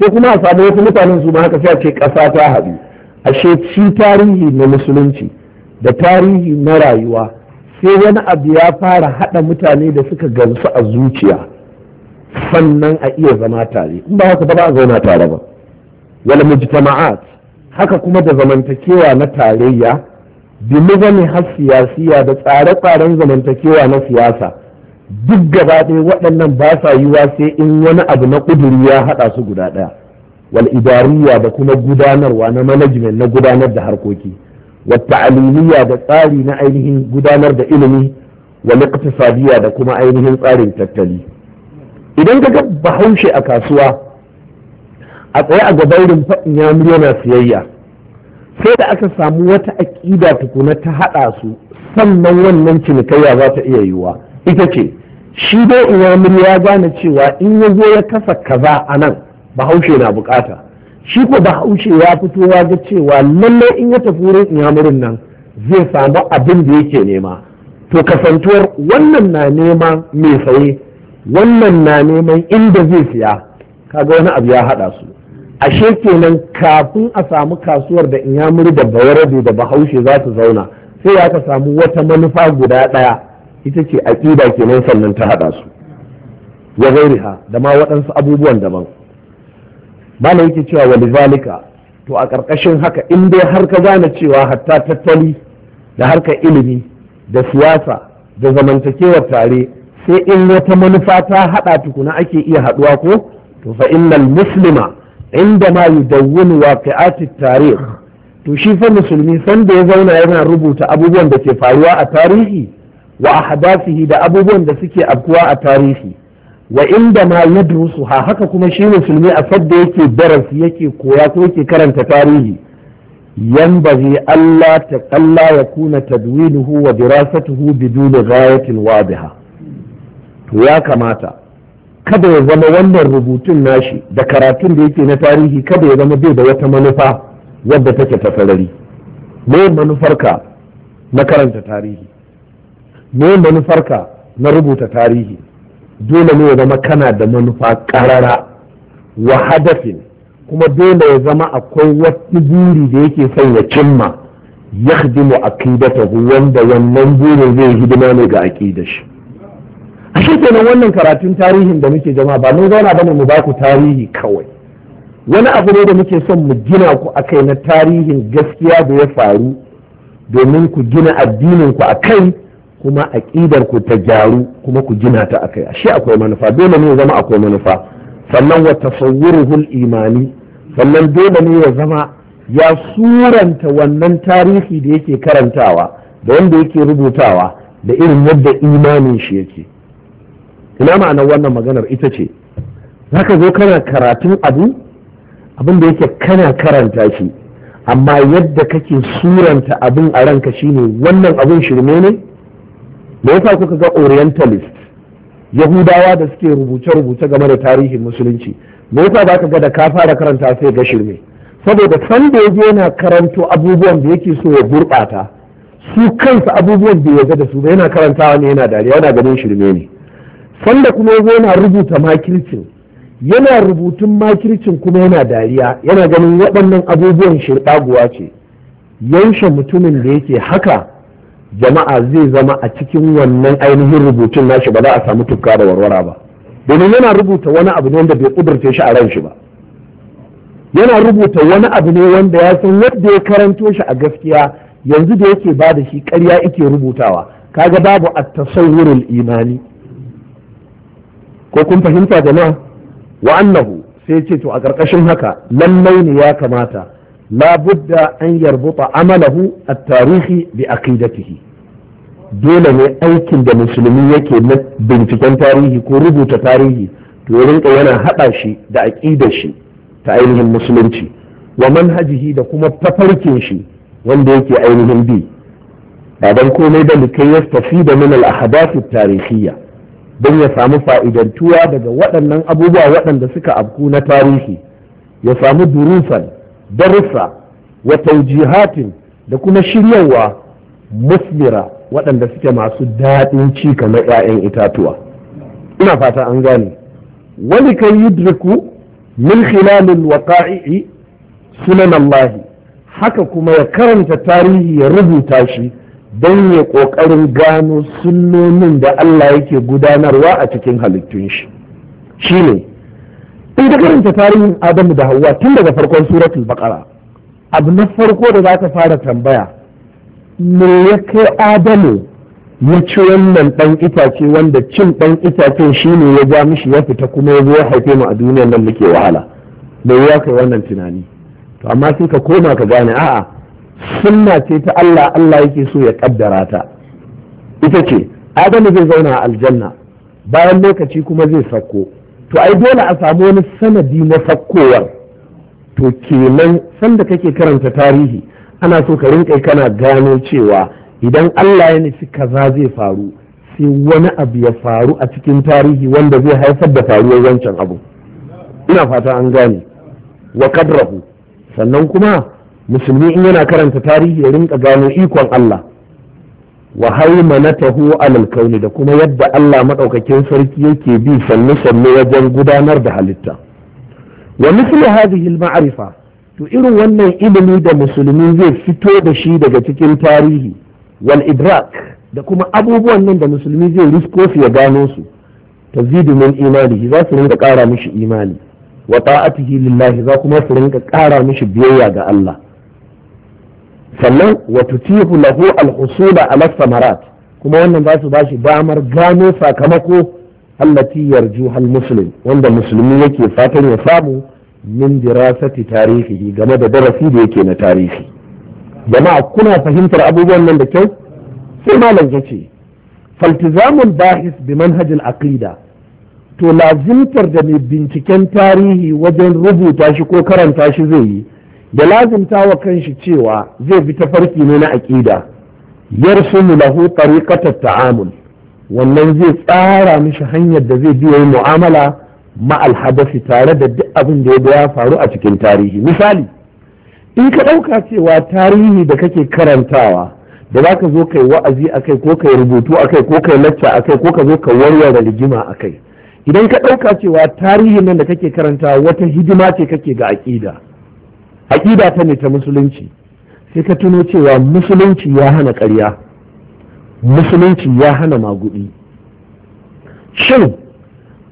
sai kuma a samu wasu mutanen su ma haka sai a ce ƙasa ta haɗu ashe shi tarihi na musulunci da tarihi na rayuwa sai wani abu ya fara haɗa mutane da suka gamsu a zuciya sannan a iya zama tare in ba haka ba a zauna tare ba wala mujtama'at haka kuma da zamantakewa na tarayya ne har siyasiya da tsare-tsaren zamantakewa na siyasa duk gaba ɗaya waɗannan ba sa yiwa sai in wani abu na ƙuduri ya haɗa su guda ɗaya wal idariya da kuma gudanarwa na management na gudanar da harkoki wata ta'aliliya da tsari na ainihin gudanar da ilimi wa iqtisadiyya da kuma ainihin tsarin tattali idan ka ga bahaushe a kasuwa a tsaye a gaban rumfa ya yana siyayya sai da aka samu wata aƙida tukuna ta haɗa su sannan wannan cinikayya za ta iya yiwuwa ita ce shi dai iwamir ya gane cewa in ya zo ya kasa kaza a nan bahaushe na bukata shi ko bahaushe ya fito ya ga cewa lalle in ya tafi wurin iyamurin nan zai samu abin da yake nema to kasantuwar wannan na nema mai saye wannan na neman inda zai siya kaga wani abu ya haɗa su ashe kenan kafin a samu kasuwar da inyamuri da bayarabe da bahaushe za su zauna sai ya ka samu wata manufa guda ɗaya ita ce aƙida kenan sannan ta haɗa su ya gairi ha da ma waɗansu abubuwan daban ba na yake cewa wani zalika to a ƙarƙashin haka in dai har ka gane cewa hatta tattali da harka ilimi da siyasa da zamantakewar tare sai in wata manufa ta haɗa tukuna ake iya haɗuwa ko to fa innal muslima inda ma yudawwin waqi'ati tarikh to shi fa musulmi sanda ya zauna yana rubuta abubuwan da ke faruwa a tarihi wa ahdathihi da abubuwan da suke afkuwa a tarihi wa inda ma ha haka kuma shi musulmi a sadda yake darasi yake koya ko yake karanta tarihi Allah ta ya kuna tadwinuhu wa تدوينه ودراسته بدون غاية to ya kamata. kada ya zama wannan rubutun nashi da karatun da yake na tarihi kada ya zama bai da wata manufa wadda take ta sarari me manufarka na karanta tarihi me manufarka na rubuta tarihi dole ne ya zama kana da manufa karara wa hadafin kuma dole ya zama akwai wani buri da yake son ya cimma ya hidimu aqidatahu wanda wannan burin zai hidima ne ga aqidashi shi ashe kenan wannan karatun tarihin da muke jama'a ba mun zauna bane mu baku tarihi kawai wani abu ne da muke son mu gina ku a kai na tarihin gaskiya da ya faru domin ku gina addinin ku kai kuma aƙidar ku ta gyaru kuma ku gina ta a kai. ashe akwai manufa dole ne ya zama akwai manufa sannan wa tasawwuruhul imani sannan dole ne ya zama ya suranta wannan tarihi da yake karantawa da wanda yake rubutawa da irin yadda imanin shi yake ina ma'anar wannan maganar ita ce zaka zo kana karatun abu abin da yake kana karanta shi amma yadda kake suranta abin a ranka shine wannan abin shirme ne me yasa kuka ga orientalist yahudawa da suke rubuce-rubuce game da tarihin musulunci me yasa ba ka ga da ka fara karanta sai ga shirme saboda san da yaje yana karanto abubuwan da yake so ya gurɓata su kansa abubuwan da ya ga da su yana karantawa ne yana dariya yana ganin shirme ne sanda kuma zo yana rubuta makircin yana rubutun makircin kuma yana dariya yana ganin waɗannan abubuwan shirɗaguwa ce yaushe mutumin da yake haka jama'a zai zama a cikin wannan ainihin rubutun nashi ba za a samu tukka da warwara ba domin yana rubuta wani abu ne wanda bai kudurce shi a ran shi ba yana rubuta wani abu ne wanda ya san yadda ya karanto shi a gaskiya yanzu da yake ba da shi karya ike rubutawa kaga babu at-tasawwurul imani ko kun fahimta jama'a wa annahu sai ce to a ƙarƙashin haka lallai ne ya kamata labudda an yarbuta amalahu a tarihi bi aqidatihi dole ne aikin da musulmi yake na binciken tarihi ko rubuta tarihi to ya rinka yana haɗa shi da aƙidar shi ta ainihin musulunci wa manhajihi da kuma tafarkin shi wanda yake ainihin bi ba dan komai da likai yastafi da min al ahdath tarihiyya don ya samu fa'idantuwa daga waɗannan abubuwa waɗanda suka afku na tarihi ya samu durusan darussa wata jihatin da kuma shiryawa musmira waɗanda suke masu daɗin ci kamar 'ya'yan itatuwa ina fata an gane wani kan yudriku min khilalin waƙa'i'i sunan Allah haka kuma ya karanta tarihi ya rubuta shi don ya ƙoƙarin gano sunnonin da Allah yake gudanarwa a cikin halittun shi shi ne in ka karanta tarihin adamu da hawa tun daga farkon suratul baqara abu na farko da za ka fara tambaya me ya kai adamu ya ci wannan ɗan itace wanda cin ɗan itacen shi ne ya ja mishi ya fita kuma ya zo ya haife mu a duniyar nan muke wahala me ya kai wannan tunani to amma sai ka koma ka gane a'a sunna ce ta Allah Allah yake so ya kaddara ta ita ce adamu zai zauna a aljanna bayan lokaci kuma zai sakko to ai dole a samu wani sanadi na sakkowar to kenan sanda kake karanta tarihi ana so ka rinka kana gano cewa idan Allah ya nufi kaza zai faru sai wani abu ya faru a cikin tarihi wanda zai haifar da faruwar wancan abu ina fata an gane wa kadrahu sannan kuma musulmi in yana karanta tarihi ya rinka gano ikon Allah wa haimanatahu alal kauni da kuma yadda Allah madaukakin sarki yake bi sannu sannu wajen gudanar da halitta wa mithlu hadhihi al ma'rifa to irin wannan ilimi da musulmi zai fito da shi daga cikin tarihi wal idrak da kuma abubuwan nan da musulmi zai risko su ya gano su tazidu min imanihi za su rinka kara mishi imani wa ta'atihi lillahi za kuma su rinka kara mishi biyayya ga Allah sannan watutihu tutihu lahu al ala samarat kuma wannan za su ba shi damar gano sakamako allati yarjuha al-muslim wanda musulmi yake fatan ya samu min dirasati tarihi game da darasi da yake na tarihi jama'a kuna fahimtar abubuwan nan da kyau sai malam yace faltizamul bahis bi manhajil aqida to lazimtar da mai binciken tarihi wajen rubuta shi ko karanta shi zai yi da lazimta wa kanshi cewa zai bi ta farki ne na aƙida yarsumu lahu tariqata ta'amul wannan zai tsara mishi hanyar da zai biya mu'amala ma alhadasi tare da duk abin da ya faru a cikin tarihi misali in ka ɗauka cewa tarihi da kake karantawa da za ka zo kai wa'azi a kai ko kai rubutu a kai ko kai lacca a kai ko ka zo ka warware rigima a kai idan ka ɗauka cewa tarihi nan da kake karantawa wata hidima ce kake ga aƙida aƙida ta ne ta musulunci sai ka tuno cewa musulunci ya hana ƙarya musulunci ya hana magudi shin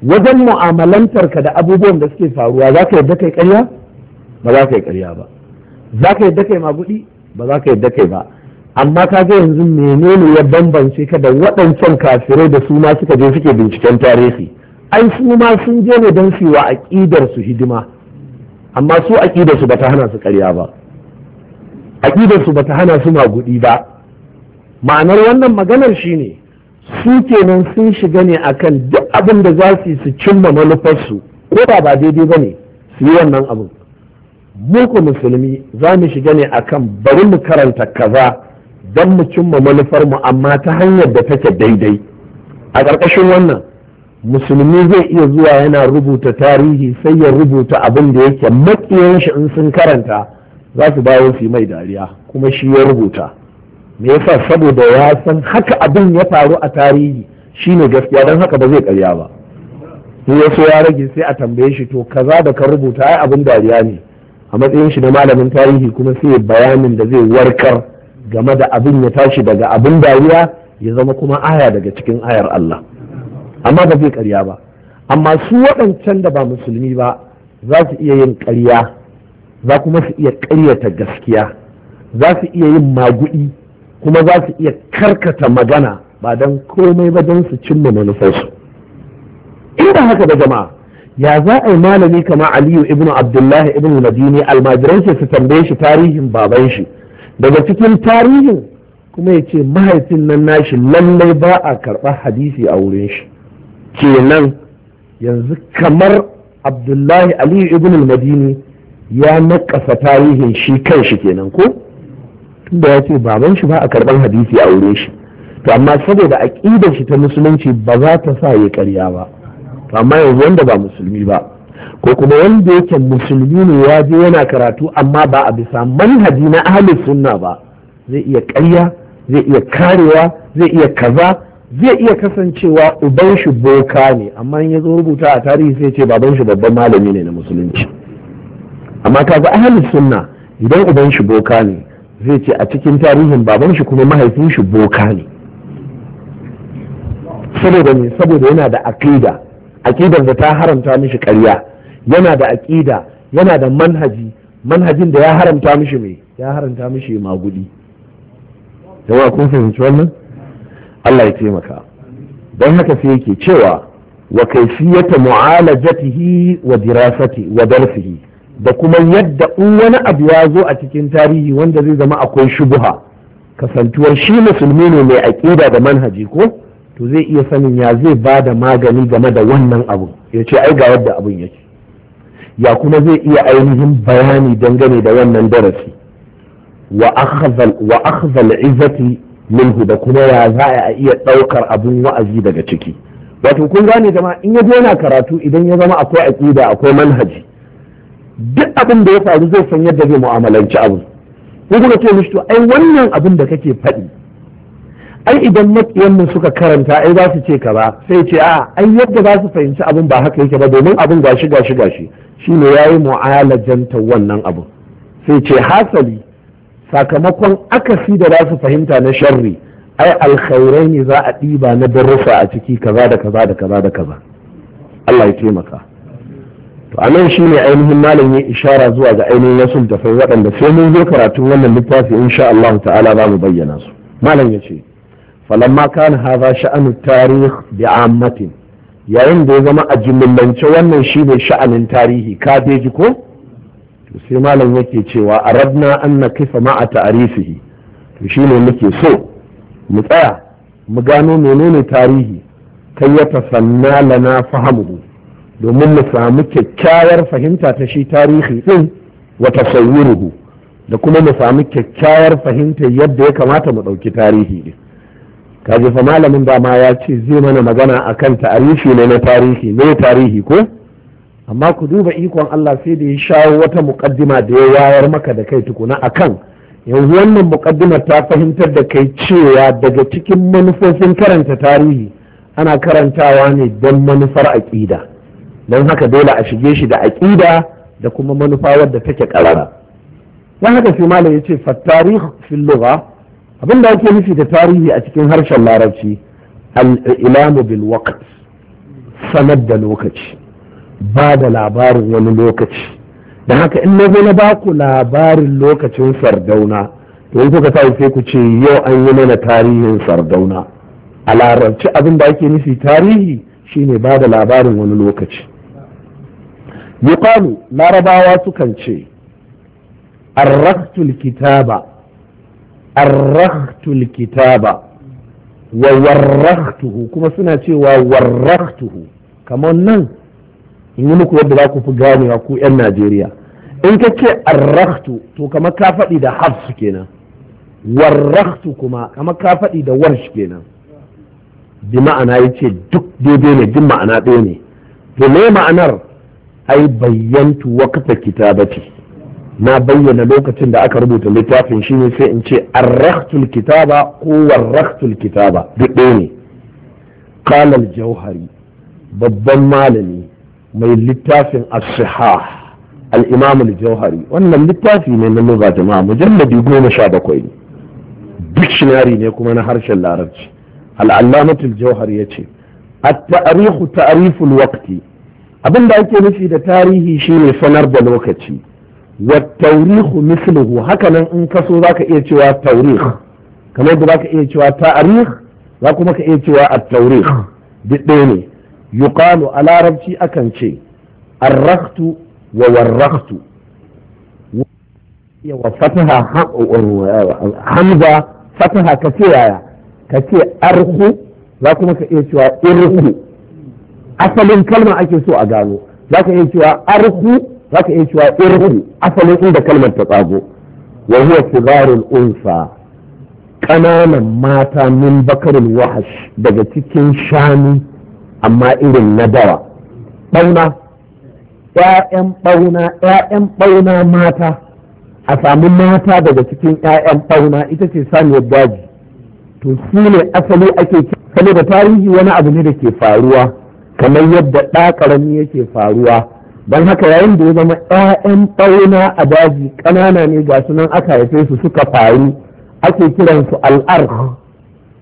wajen mu'amalantarka da abubuwan da suke faruwa za ka yadda kai ƙarya ba za ka yi ƙarya ba za ka yadda kai magudi ba za ka yadda kai ba amma ka ga yanzu menene ya bambance ka da waɗancan kafirai da su ma suka je suke binciken tarihi ai su ma sun je ne don su yi wa aƙidar su hidima amma su aƙidarsu su bata hana su ƙarya ba aƙidar su bata hana su maguɗi ba ma'anar wannan maganar shi ne su kenan sun shiga ne akan duk abin da za su su cimma manufarsu ko ba ba daidai ba ne su yi wannan abin muku musulmi za mu shiga ne akan bari mu karanta kaza don mu cimma manufarmu amma ta hanyar da take daidai a ƙarƙashin wannan musulmi zai iya zuwa yana rubuta tarihi sai ya rubuta abin da yake makiyan shi in sun karanta za su dawo su mai dariya kuma shi ya rubuta me yasa saboda ya san haka abin ya faru a tarihi shi ne gaskiya don haka ba zai karya ba in ya so ya rage sai a tambaye shi to kaza da ka rubuta ai abin dariya ne a matsayin shi na malamin tarihi kuma sai bayanin da zai warkar game da abin ya tashi daga abin dariya ya zama kuma aya daga cikin ayar Allah amma ba zai karya ba amma su waɗancan da ba musulmi ba za su iya yin karya za kuma su iya karyata gaskiya za su iya yin magudi kuma za su iya karkata magana ba don komai ba don su cimma manufarsu inda haka da jama'a ya za a yi malami kama aliyu ibn abdullahi ibn madini almajiransa su tambaye shi tarihin baban shi daga cikin tarihin kuma ya ce mahaifin nan nashi lallai ba a karɓar hadisi a wurin shi kenan yanzu kamar abdullahi aliyu ibn madini ya nakasa tarihin shi kan shi kenan ko tunda ya ce baban shi ba a karban hadisi a wurin shi to amma saboda aƙidar shi ta musulunci ba za ta sa ya karya ba to amma yanzu wanda ba musulmi ba ko kuma wanda yake musulmi ne ya je yana karatu amma ba a bisa manhaji na ahlus sunna ba zai iya karya zai iya karewa zai iya kaza zai iya kasancewa uban shi boka ne amma in ya zo rubuta a tarihi sai ce baban shi babban malami ne na musulunci amma kaga ahli sunna idan uban shi boka ne zai ce a cikin tarihin baban shi kuma mahaifin shi boka ne saboda ne saboda yana da aqida aqidar da ta haramta mishi ƙarya yana da aqida yana da manhaji manhajin da ya haramta mishi mai ya haramta mishi magudi yawa kun fahimci wannan Allah ya taimaka don haka sai yake cewa wa kaifiyata mu'alajatihi wa dirasati wa darsihi da kuma yadda in wani abu ya zo a cikin tarihi wanda zai zama akwai shubuha kasantuwar shi musulmi ne mai aƙida da manhaji ko to zai iya sanin ya zai ba da magani game da wannan abu ya ce ai ga yadda abun yake ya kuma zai iya ainihin bayani dangane da wannan darasi wa akhzal izati. minhu da kuma ya za a iya ɗaukar abun wa'azi daga ciki wato kun gane jama'a in ya yana karatu idan ya zama akwai aƙida akwai manhaji duk abin da ya faru zai san yadda zai mu'amalanci abu ko kuka ce mishi to ai wannan abin da kake faɗi ai idan maƙiyan mu suka karanta ai za su ce ka ba. sai ce a'a ai yadda za su fahimci abin ba haka yake ba domin abin gashi gashi gashi shine yayi mu'alajanta wannan abun. sai ce hasali sakamakon akasi da za su fahimta na sharri ai alkhairai ne za a ɗiba na darussa a ciki kaza da kaza da kaza da kaza Allah ya taimaka to anan shine ainihin malam ya ishara zuwa ga ainihin wasu tafai waɗanda sai mun zo karatun wannan littafi insha Allah ta'ala za mu bayyana su malam ya ce falamma kana hadha sha'anu tarikh bi'ammatin yayin da ya zama a jimillance wannan shine sha'anin tarihi kabeji ko sai malam yake cewa a an na kifa ma'a ta'arifihi to shine muke so mu tsaya mu gano menene tarihi kai ya tasanna lana fahimu domin mu samu kyakkyawar fahimta ta shi tarihi din wa tasawwuruhu da kuma mu samu kyakkyawar fahimta yadda ya kamata mu ɗauki tarihi din Kaje fa malamin da ma ya ce zai mana magana akan tarihi ne na tarihi ne tarihi ko amma ku duba ikon Allah sai da ya shawo wata muƙaddima da ya wayar maka da kai tukuna akan yanzu wannan muƙaddima ta fahimtar da kai cewa daga cikin manufofin karanta tarihi ana karantawa ne don manufar aƙida don haka dole a shige shi da aƙida da kuma manufa wadda take ƙarara don haka sai malam ya ce fattarih fil lugha abin da ake nufi da tarihi a cikin harshen larabci al-ilamu bil waqt sanar da lokaci ba da labarin wani lokaci da haka in na zo na ba ku labarin lokacin sardauna to in kuka sa sai ku ce yau an yi mana tarihin sardauna a larabci abin da ake nufi tarihi shine ba da labarin wani lokaci yuqalu larabawa sukan ce arraktul kitaba arraktul kitaba wa warraktuhu kuma suna cewa warraktuhu kamar nan in yi muku yadda za ku fi ganewa ku 'yan najeriya in ka ce arraktu to kama ka faɗi da hafs kenan warraktu kuma kama ka faɗi da warsh kenan bi ma'ana ya ce duk daidai ne duk ma'ana ɗaya ne to me ma'anar ai bayyantu wa kafa kitabati na bayyana lokacin da aka rubuta littafin shine sai in ce arraktul kitaba ko warraktul kitaba duk ɗaya ne qala al-jauhari babban malami mai littafin asiha sihah al jauhari wannan littafi ne na lugha jama'a mujalladi goma sha bakwai ne dictionary ne kuma na harshen larabci al-allamatu al-jauhari yace at-ta'rihu ta'rifu waqti abin da ake nufi da tarihi shine sanar da lokaci wa tawrihu misluhu hakanan in kaso zaka iya cewa taurih kamar da zaka iya cewa ta'rih za kuma ka iya cewa at-tawrih duk ɗaya ne yuqalu a larabci akan ce arraktu wa warraktu wa fataha hamza fataha ka ce yaya ka ce arhu za kuma ka iya cewa irhu asalin kalma ake so a gano za ka iya cewa arhu za ka iya cewa irhu asalin inda kalmar ta tsago wa huwa sigarul unsa ƙananan mata min bakarul wahash daga cikin shanu amma irin na dawa ɓauna ‘ya'yan ɓauna ‘ya'yan ɓauna mata a samu mata daga cikin ‘ya'yan ɓauna ita ce saniyar daji to su ne asali ake kalo da tarihi wani abu ne da ke faruwa kamar yadda ɗa ƙarami yake faruwa don haka yayin da ya zama ‘ya'yan ɓauna a daji ƙanana ne ga nan aka haife su suka faru ake kiransu al'ar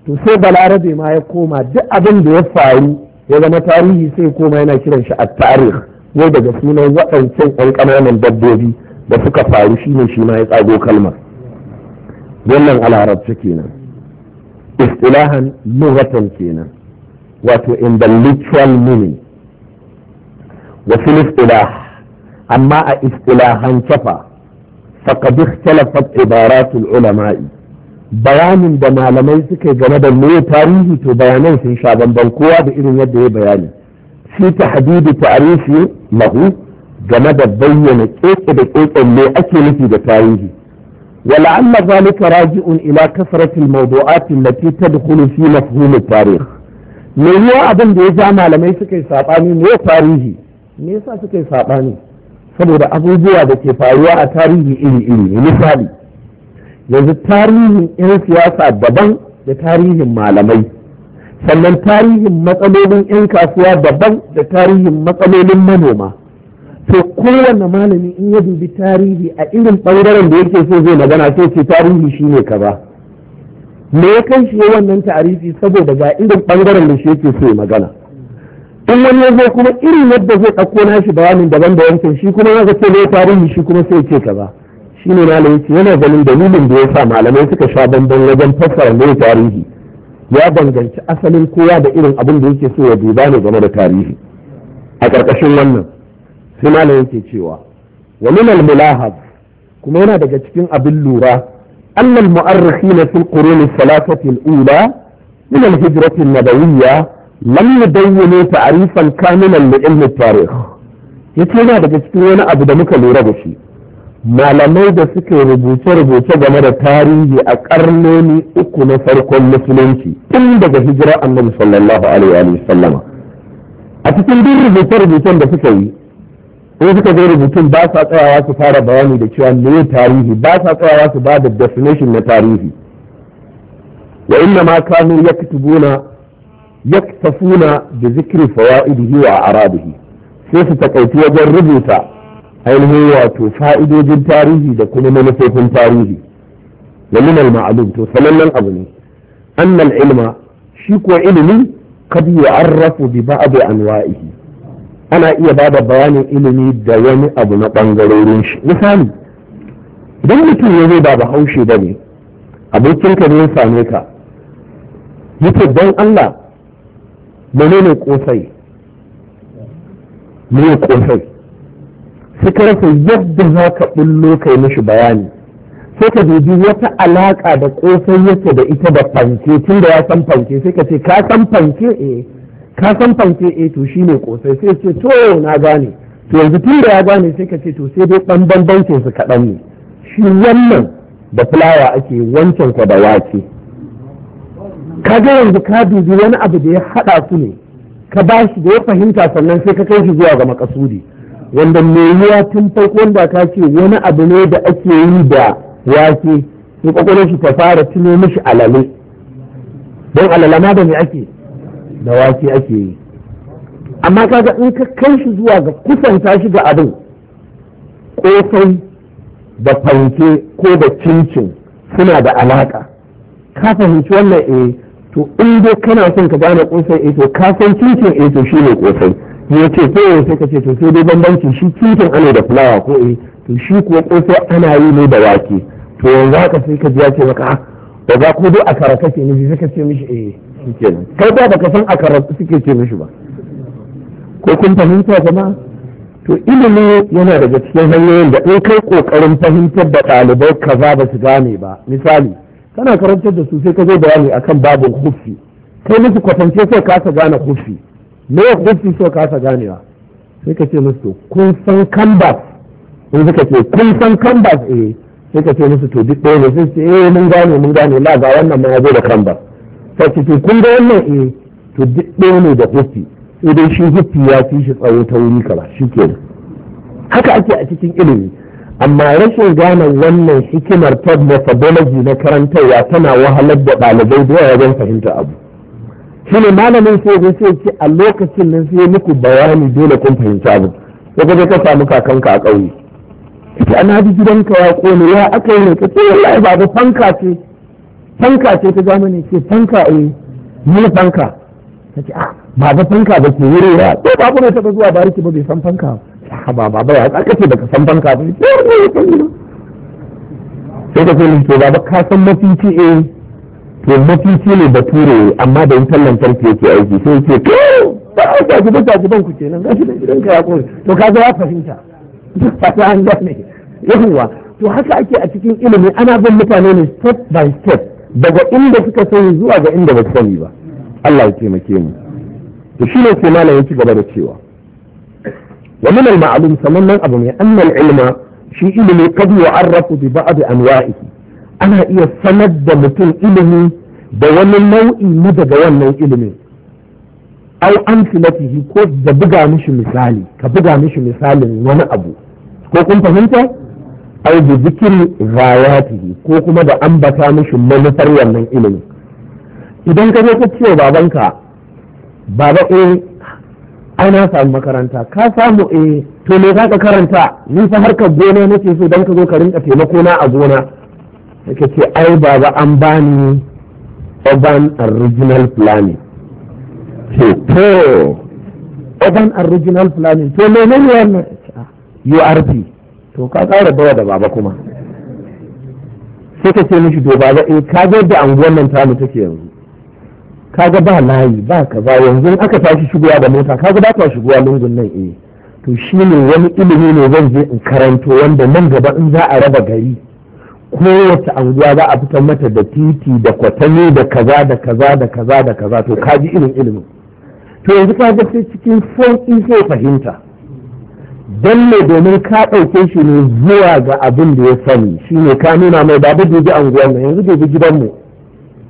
to sai balarabe ma ya koma duk abin da ya faru ya zama tarihi sai koma yana kiran shi a tarih ne daga sunan waɗancan ƴan ƙananan dabbobi da suka faru shi ne shi ma ya tsago kalmar wannan a larabci kenan istilahan lughatan kenan wato in the literal meaning wa fil istilah amma a istilahance fa faqad ikhtalafat ibaratul ulama'i bayanin da malamai suke game da me tarihi to bayanan sun sha bamban kowa da irin yadda ya bayani shi ta hadidu ta'arifi lahu game da bayyana keke da keken me ake nufi da tarihi ولعل ذلك راجع إلى كثرة الموضوعات التي تدخل في مفهوم التاريخ me yiwa abin da ya ja malamai suke yi saɓani ne tarihi me yasa suke yi saɓani saboda abubuwa da ke faruwa a tarihi iri iri misali yanzu tarihin 'yan siyasa daban da tarihin malamai sannan tarihin matsalolin 'yan kasuwa daban da tarihin matsalolin manoma to kowane malami in ya dubi tarihi a irin ɓangaren da yake so zai magana sai ce tarihi shine kaza me ya kan shi wannan tarihi saboda ga irin ɓangaren da shi yake so ya magana in wani ya zo kuma irin yadda zai ɗauko nashi bayanin daban da wancan shi kuma ya ga ce tarihi shi kuma sai ce kaza shi ne malam yake yana ganin dalilin da ya sa malamai suka sha bamban wajen fassara mai tarihi ya danganci asalin kowa da irin abin da yake so ya duba ne game da tarihi a ƙarƙashin wannan sai malam yake cewa wa min al kuma yana daga cikin abin lura annal mu'arrikhina fil qurun al-thalathati al-ula min al-hijrah an-nabawiyya lam yudawwinu ta'rifan kamilan li ilmi at-tarikh yace yana daga cikin wani abu da muka lura da shi malamai da suke rubuce-rubuce game da tarihi a ƙarnoni uku na farkon musulunci tun daga hijira annabi sallallahu alaihi wa sallama a cikin duk rubuce-rubucen da suka yi in suka zai rubutun ba sa tsayawa su fara bayani da cewa me tarihi ba sa tsayawa su ba da definition na tarihi wa inna ma kanu yaktubuna yaktafuna bi zikri fawaidihi wa aradihi sai su takaici wajen rubuta ainihin wato fa'idojin tarihi da kuma manufofin tarihi da minal ma'alum to sanannen abu ne annal ilma shi kuwa ilimi kad rafu bi an wa'ihi ana iya ba da bayanin ilimi da wani abu na bangarorin shi misali don mutum ya zo ba bahaushe ba ne abokinka ne ya same ka yake don Allah menene ne ne kosai Suka rasa yadda za ka bullo kai mishi bayani sai ka dubi wata alaƙa da ƙofar yake da ita da fanke tun da ya san fanke sai ka ce ka san fanke eh ka san fanke eh to shine ƙosai sai ce to na gane to yanzu tun da ya gane sai ka ce to sai dai ɗan bambancin su kaɗan ne shi wannan da fulawa ake wancan ka da wake ka ga yanzu ka dubi wani abu da ya haɗa su ne ka ba shi da ya fahimta sannan sai ka kai shi zuwa ga makasudi wanda mai tun farko wanda ka ce wani abu ne da ake yi da wake su kwakwalon shi ta fara tuno mishi alale don alalama da me ake da wake ake yi amma kaga in ka kai shi zuwa ga kusanta shi ga abin kosai da fanke ko da cincin suna da alaka ka fahimci wannan eh to in dai kana son ka gane kosai eh to ka san cincin eh to shine kosai ya ce ko sai ka ce to sai dai bambanci shi titin ana da fulawa ko eh to shi kuwa kosai ana yi ne da wake to yanzu haka sai ka ji ya ce maka ah, ba za ku duk akara kake nufi sai ka ce mishi eh nan kai ba baka san akara suke ce mishi ba ko kun fahimta jama'a to ilimi yana daga cikin hanyoyin da in kai kokarin fahimtar da ɗalibai kaza ba su gane ba misali kana karantar da su sai ka zo bayani akan babin hufi kai musu kwatance sai kasa gane hufi me ya kuke so kasa ganewa sai ka ce musu to kun san canvas in suka ce kun san canvas eh sai ka ce musu to duk ɗaya ne sai ce eh mun gane mun gane la ga wannan ma zo da canvas sai ce to kun ga wannan eh to duk ɗaya ne da hufi sai dai shi hufi ya fi shi tsawo ta wuri kaza shikenan haka ake a cikin ilimi amma rashin gane wannan hikimar ta methodology na karantarwa tana wahalar da ɗalibai da yawa wajen fahimta abu shine malamin sai ya sai ce a lokacin nan sai muku bayani dole kun fahimta mu sai ka ka samu kakanka a ƙauye ce ana bi gidanka ya kone ya aka yi ne ce wallahi ba fanka ce fanka ce ta zamani ce fanka eh mun fanka kace ah ba da fanka ba ke wuri ya to ku ne ta zuwa bariki ba bai san fanka ba ah, ba ba ya aka ce baka san fanka ba sai ka ce ne to ba ka san mafici eh to mafici ne ture amma da wutar lantarki yake aiki sai yake ba a gaji ba gaji ban ku nan. gashi da gidan ka ya kori to kaga ya fahimta fata an gane yawa to haka ake a cikin ilimi ana bin mutane ne step by step daga inda suka sani zuwa ga inda ba su sani ba Allah ya taimake mu to shi ne ke malam ya ci gaba da cewa wa min al-ma'lum nan abu ne annal ilma shi ilimi kadu wa arrafu bi ba'd anwa'ihi ana iya sanar da mutum ilimi da wani nau'i na daga wannan ilimin au an filatihi ko da buga mishi misali ka buga mishi misalin wani abu ko kun fahimta au bi zikiri rayatihi ko kuma da ambata mishi manufar wannan ilimi idan ka zo ka ce babanka baba eh ana na samu makaranta ka samu eh to me za ka karanta ni fa harkar gona nake so dan ka zo ka rinka taimako na a gona suka ce ai baba an bani urban original planning to to urban original planning to me ne wannan ah, urp to ka tsara bawa da baba kuma sai ka ce mishi to baba eh ka ga da anguwan nan mu take yanzu ka ga ba layi ba kaza yanzu aka tashi shigowa da mota ka ga ba ta shigowa lungun nan eh to shine wani ilimi ne zan je in karanto wanda nan gaba in za a raba gari kowace anguwa za a fitar mata da titi da kwatami da kaza da kaza da kaza da kaza to kaji irin ilimin to yanzu ka ga sai cikin sauki sai fahimta don ne domin ka ɗauke shi ne zuwa ga abin da ya sani shi ne ka nuna mai babu dubi anguwan nan yanzu dubi mu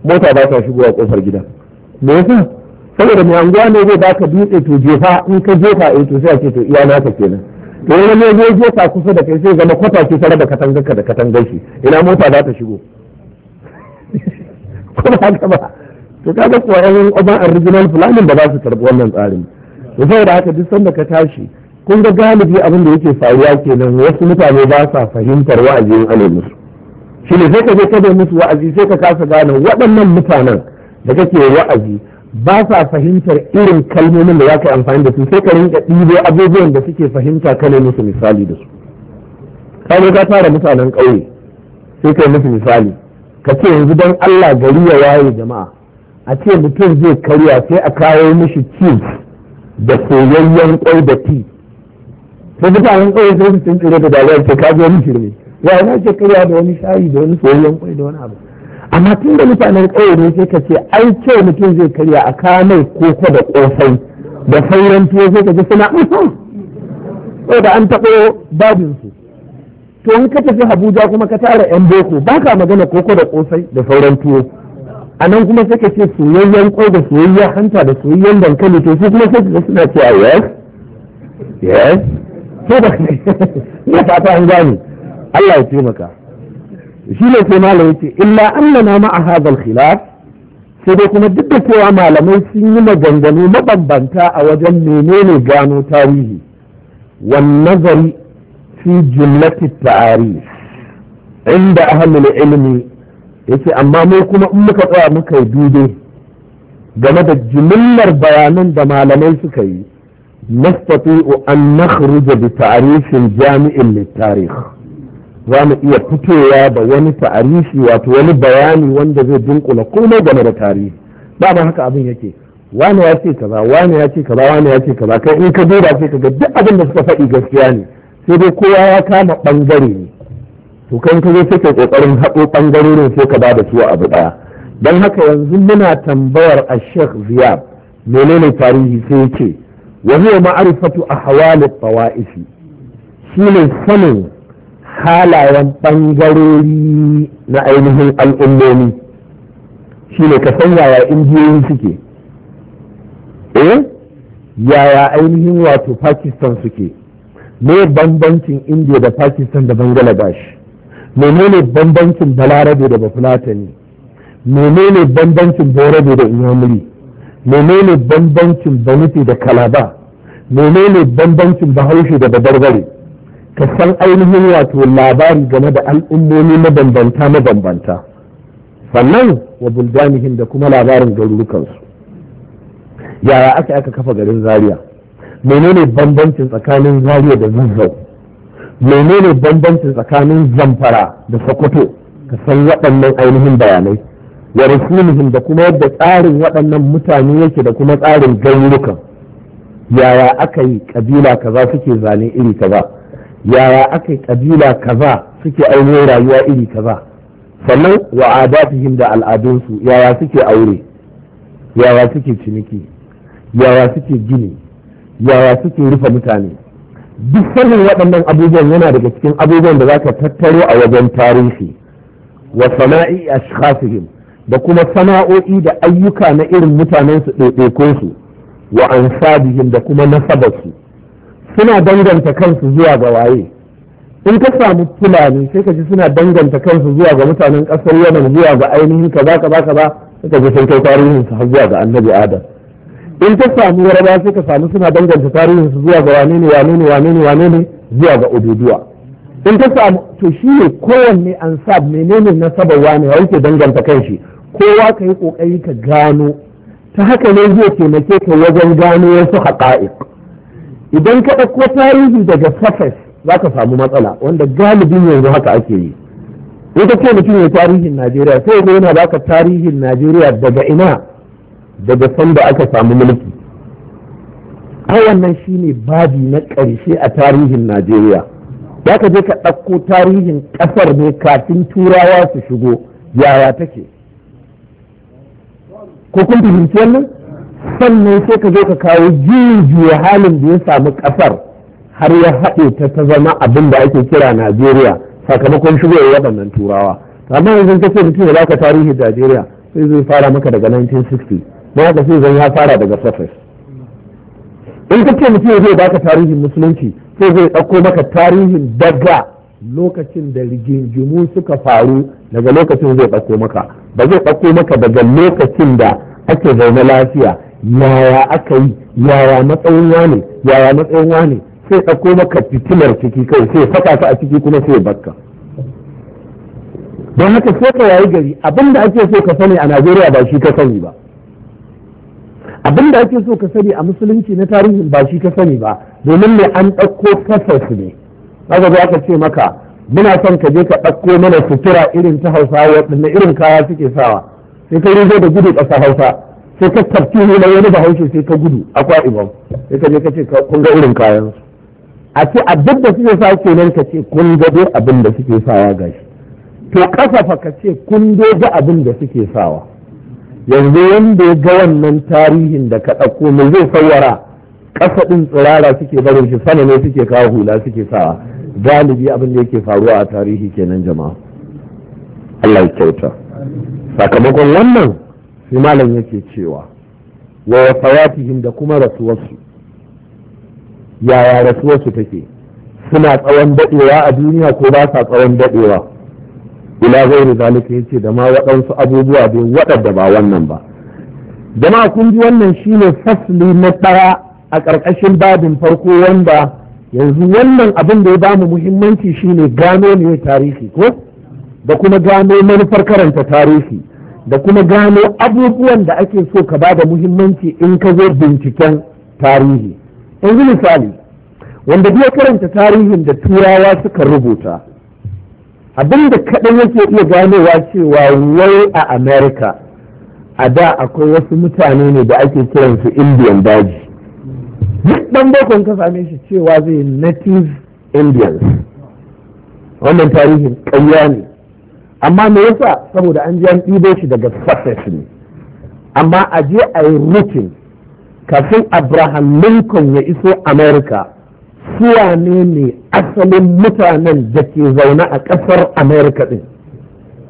mota ba ta shigowa kofar gidan me yasa saboda mai anguwa ne zai baka dutse to jefa in ka jefa in eh, to sai a ce to iya naka kenan to wani ne je ta kusa da kai sai zama kwata ce tare da katangarka da katangar shi ina mota za ta shigo kuma haka ba to kaga kuwa yan oban original planning ba za su karbi wannan tsarin to da haka duk sanda ka tashi kun ga galibi abin da yake faruwa kenan wasu mutane ba sa fahimtar wa'azin ane musu shi sai ka je kada musu wa'azi sai ka kasa gane waɗannan mutanen da kake wa'azi ba sa fahimtar irin kalmomin da za ka yi amfani da su sai ka rinka ɗibo abubuwan da suke fahimta kana musu misali da su ka ka tara mutanen ƙauye sai ka yi musu misali ka ce yanzu don Allah gari ya waye jama'a a ce mutum zai karya sai a kawo mishi cheese da soyayyen kwai da ti sai mutanen ƙauye sai su tsire da dalibai ce ka zo mishi ne ya na ce karya da wani shayi da wani soyayyen kwai da wani abu amma tun da mutanen ƙauye ne sai ka ce ai kyau mutum zai karya a ko koko da ƙosai da sauran tuwo sai ka ji suna da an taɓo babinsu to in ka tafi Abuja kuma ka tara yan boko ba ka magana koko da ƙosai da sauran tuwo a nan kuma sai ka ce soyayyen kwai da soyayyen hanta da soyayyen dankali to su kuma sai ka suna cewa yes yes to ba ne ya fata an gani Allah ya taimaka shi ne sai malam yace illa annana ma a hadal khilaf sai dai kuma duk da cewa malamai sun yi maganganu mabambanta a wajen menene gano tarihi wan nazari fi jumlati ta'arif inda ahlul ilmi yace amma mu kuma in muka tsaya muka yi dude game da jimillar bayanan da malamai suka yi nastati'u an nakhruja bi ta'rifin jami'in lit tarikh za mu iya fitowa da wani tarihi wato wani bayani wanda zai dunkula komai game da tarihi dama haka abin yake wani ya ce kaza wani ya ce kaza wani ya ce kaza kai in ka duba sai ga duk abin da suka faɗi gaskiya ne sai dai kowa ya kama bangare ne to kai ka zo sai kokarin haɗo bangarorin sai ka ba da su abu ɗaya dan haka yanzu muna tambayar a Sheikh Ziyad menene tarihi sai yake wa huwa ma'rifatu ahwali tawaifi shine sanin halayen ɓangarori na ainihin al'ummomi shi ne ka san yaya indiyoyi suke eh yaya ainihin wato pakistan suke me bambancin indiya da pakistan da bangladesh menene bambancin balarabe da bafulatani menene bambancin borabe da inyamuri menene bambancin banufi da kalaba menene bambancin bahaushe da babarbare ka san ainihin wato labari game da al'ummomi mabambanta mabambanta sannan wa buldanihim da kuma labarin garurukansu yaya aka aka kafa garin zaria menene bambancin tsakanin zaria da zazzau menene bambancin tsakanin zamfara da sokoto ka san waɗannan ainihin bayanai wa rasulihin da kuma yadda tsarin waɗannan mutane yake da kuma tsarin garurukan yaya aka yi kabila kaza suke zane iri kaza yaya aka kabila kaza suke aure rayuwa iri kaza sannan wa adatihim da al'adunsu yaya suke aure yaya suke ciniki yaya suke gini yaya suke rufe mutane duk sanin waɗannan abubuwan yana daga cikin abubuwan da za ka tattaro a wajen tarihi wa sana'i ashkhasihim da kuma sana'o'i da ayyuka na irin mutanensu ɗaiɗaikunsu wa ansabihim da kuma nasabarsu suna danganta kansu zuwa ga waye in ka samu fulani sai ka ji suna danganta kansu zuwa ga mutanen kasar yaman zuwa ga ainihin kaza kaza kaza ka ji sun kai tarihin su zuwa ga annabi adam in ka samu yaraba sai ka samu suna danganta tarihin su zuwa ga wane ne wane ne wane ne wane ne zuwa ga ubuduwa in ka samu to shi ne kowanne ansab menene nasabar wane ya yake danganta kanshi kowa ka yi kokari ka gano ta haka ne zai taimake ka wajen gano wasu haƙa'iq idan ka ɗauko tarihi daga surface za ka samu matsala wanda galibin yanzu haka ake yi In ka ce mutum ya tarihin najeriya sai ya yana baka tarihin najeriya daga ina daga sanda aka samu mulki a wannan shi ne babi na ƙarshe a tarihin najeriya za ka je ka ɗauko tarihin ƙasar ne kafin turawa su shigo yaya take ko kun fahimci wannan sannan sai ka zo ka kawo juya halin da ya samu ƙasar har ya haɗe ta ta zama abin da ake kira najeriya sakamakon shigowar waɗannan turawa amma yanzu ka ce mutum ya ka tarihin najeriya sai zai fara maka daga 1960 ma haka sai zan ya fara daga surface in ka ce mutum zai ka tarihin musulunci sai zai ɗauko maka tarihin daga lokacin da rigingimu suka faru daga lokacin zai ɗauko maka ba zai ɗauko maka daga lokacin da ake zaune lafiya yaya aka yi yaya matsayin wane yaya matsayin wane sai ɗauko maka fitilar ciki kai sai saka ta a ciki kuma sai bakka don haka sai ka yayi gari abinda ake so ka sani a Najeriya ba shi ka sani ba abinda ake so ka sani a musulunci na tarihin ba shi ka sani ba domin ne an ɗauko fasas ne haka aka ka ce maka muna son ka je ka ɗauko mana sutura irin ta hausa waɗanne irin kaya suke sawa sai ka rizo da gudu ƙasa hausa sai ka tafki hula wani bahaushe sai ka gudu akwai ibam sai ka je ka ce kun ga irin kayan su a ce a duk da suke sa kenan ka ce kun ga dai abin da suke sawa gashi to kasafa ka ce kun dai ga abin da suke sawa yanzu wanda ya ga wannan tarihin da ka ɗauko mai zai sawara kasa ɗin tsirara suke barin shi sana ne suke kawo hula suke sawa galibi abin da yake faruwa a tarihi kenan jama'a Allah ya kyauta sakamakon wannan sai malam yake cewa wa wafawatihim da kuma rasuwarsu yaya rasuwarsu take suna tsawon daɗewa a duniya ko ba sa tsawon daɗewa ila gairi zalika yace da ma waɗansu abubuwa dai waɗanda ba wannan ba jama'a kun ji wannan shine fasli na ɗaya a ƙarƙashin babin farko wanda yanzu wannan abin da ya bamu muhimmanci shine gano ne tarihi ko da kuma gano manufar karanta tarihi da kuma gano abubuwan da ake so ka ba da muhimmanci in ka zo binciken tarihi yanzu misali wanda biya karanta tarihin da turawa suka rubuta abinda da kaɗan yake iya ganowa cewa wai a america a da akwai wasu mutane ne da ake kiransu indian daji duk ɗan bakon ka same shi cewa zai native indians wannan tarihin ƙarya ne amma me yasa saboda an je an ɗibo shi daga success ne amma a je a yi rikin kafin abraham lincoln ya iso america suwa ne ne asalin mutanen da ke zaune a ƙasar america ɗin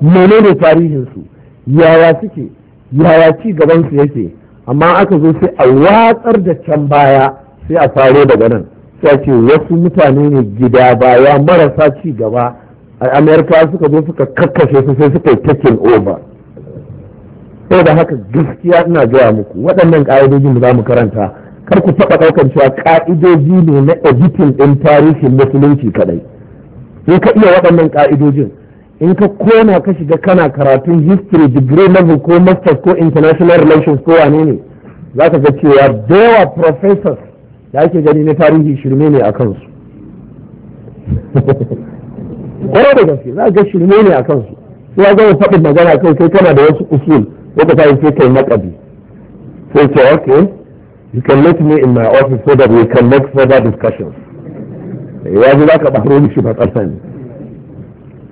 menene tarihinsu yaya suke yaya ci gabansu yake amma aka zo sai a watsar da can baya sai a faro daga nan sai ce wasu mutane ne gida baya marasa ci gaba amerika suka zo suka kakkashe su sai suka yi oba over sai da haka gaskiya ina gaya muku waɗannan ƙa'idojin da za mu karanta kar ku taɓa ɗaukar cewa ƙa'idoji ne na editing ɗin tarihin musulunci kaɗai in ka iya waɗannan ƙa'idojin in ka kona ka shiga kana karatun history degree level ko masters ko international relations ko wane ne za ka ga cewa dawa professors da ake gani na tarihi shirme ne a kansu kwarar da gaske za ga shirme ne a kansu sai ya gama faɗin magana kai kai kana da wasu usul wata kayan sai kai naƙabi sai ce okay you can let me in my office so that we can make further discussions eh, ya ji za ka ɓaro ni shi matsarsa ne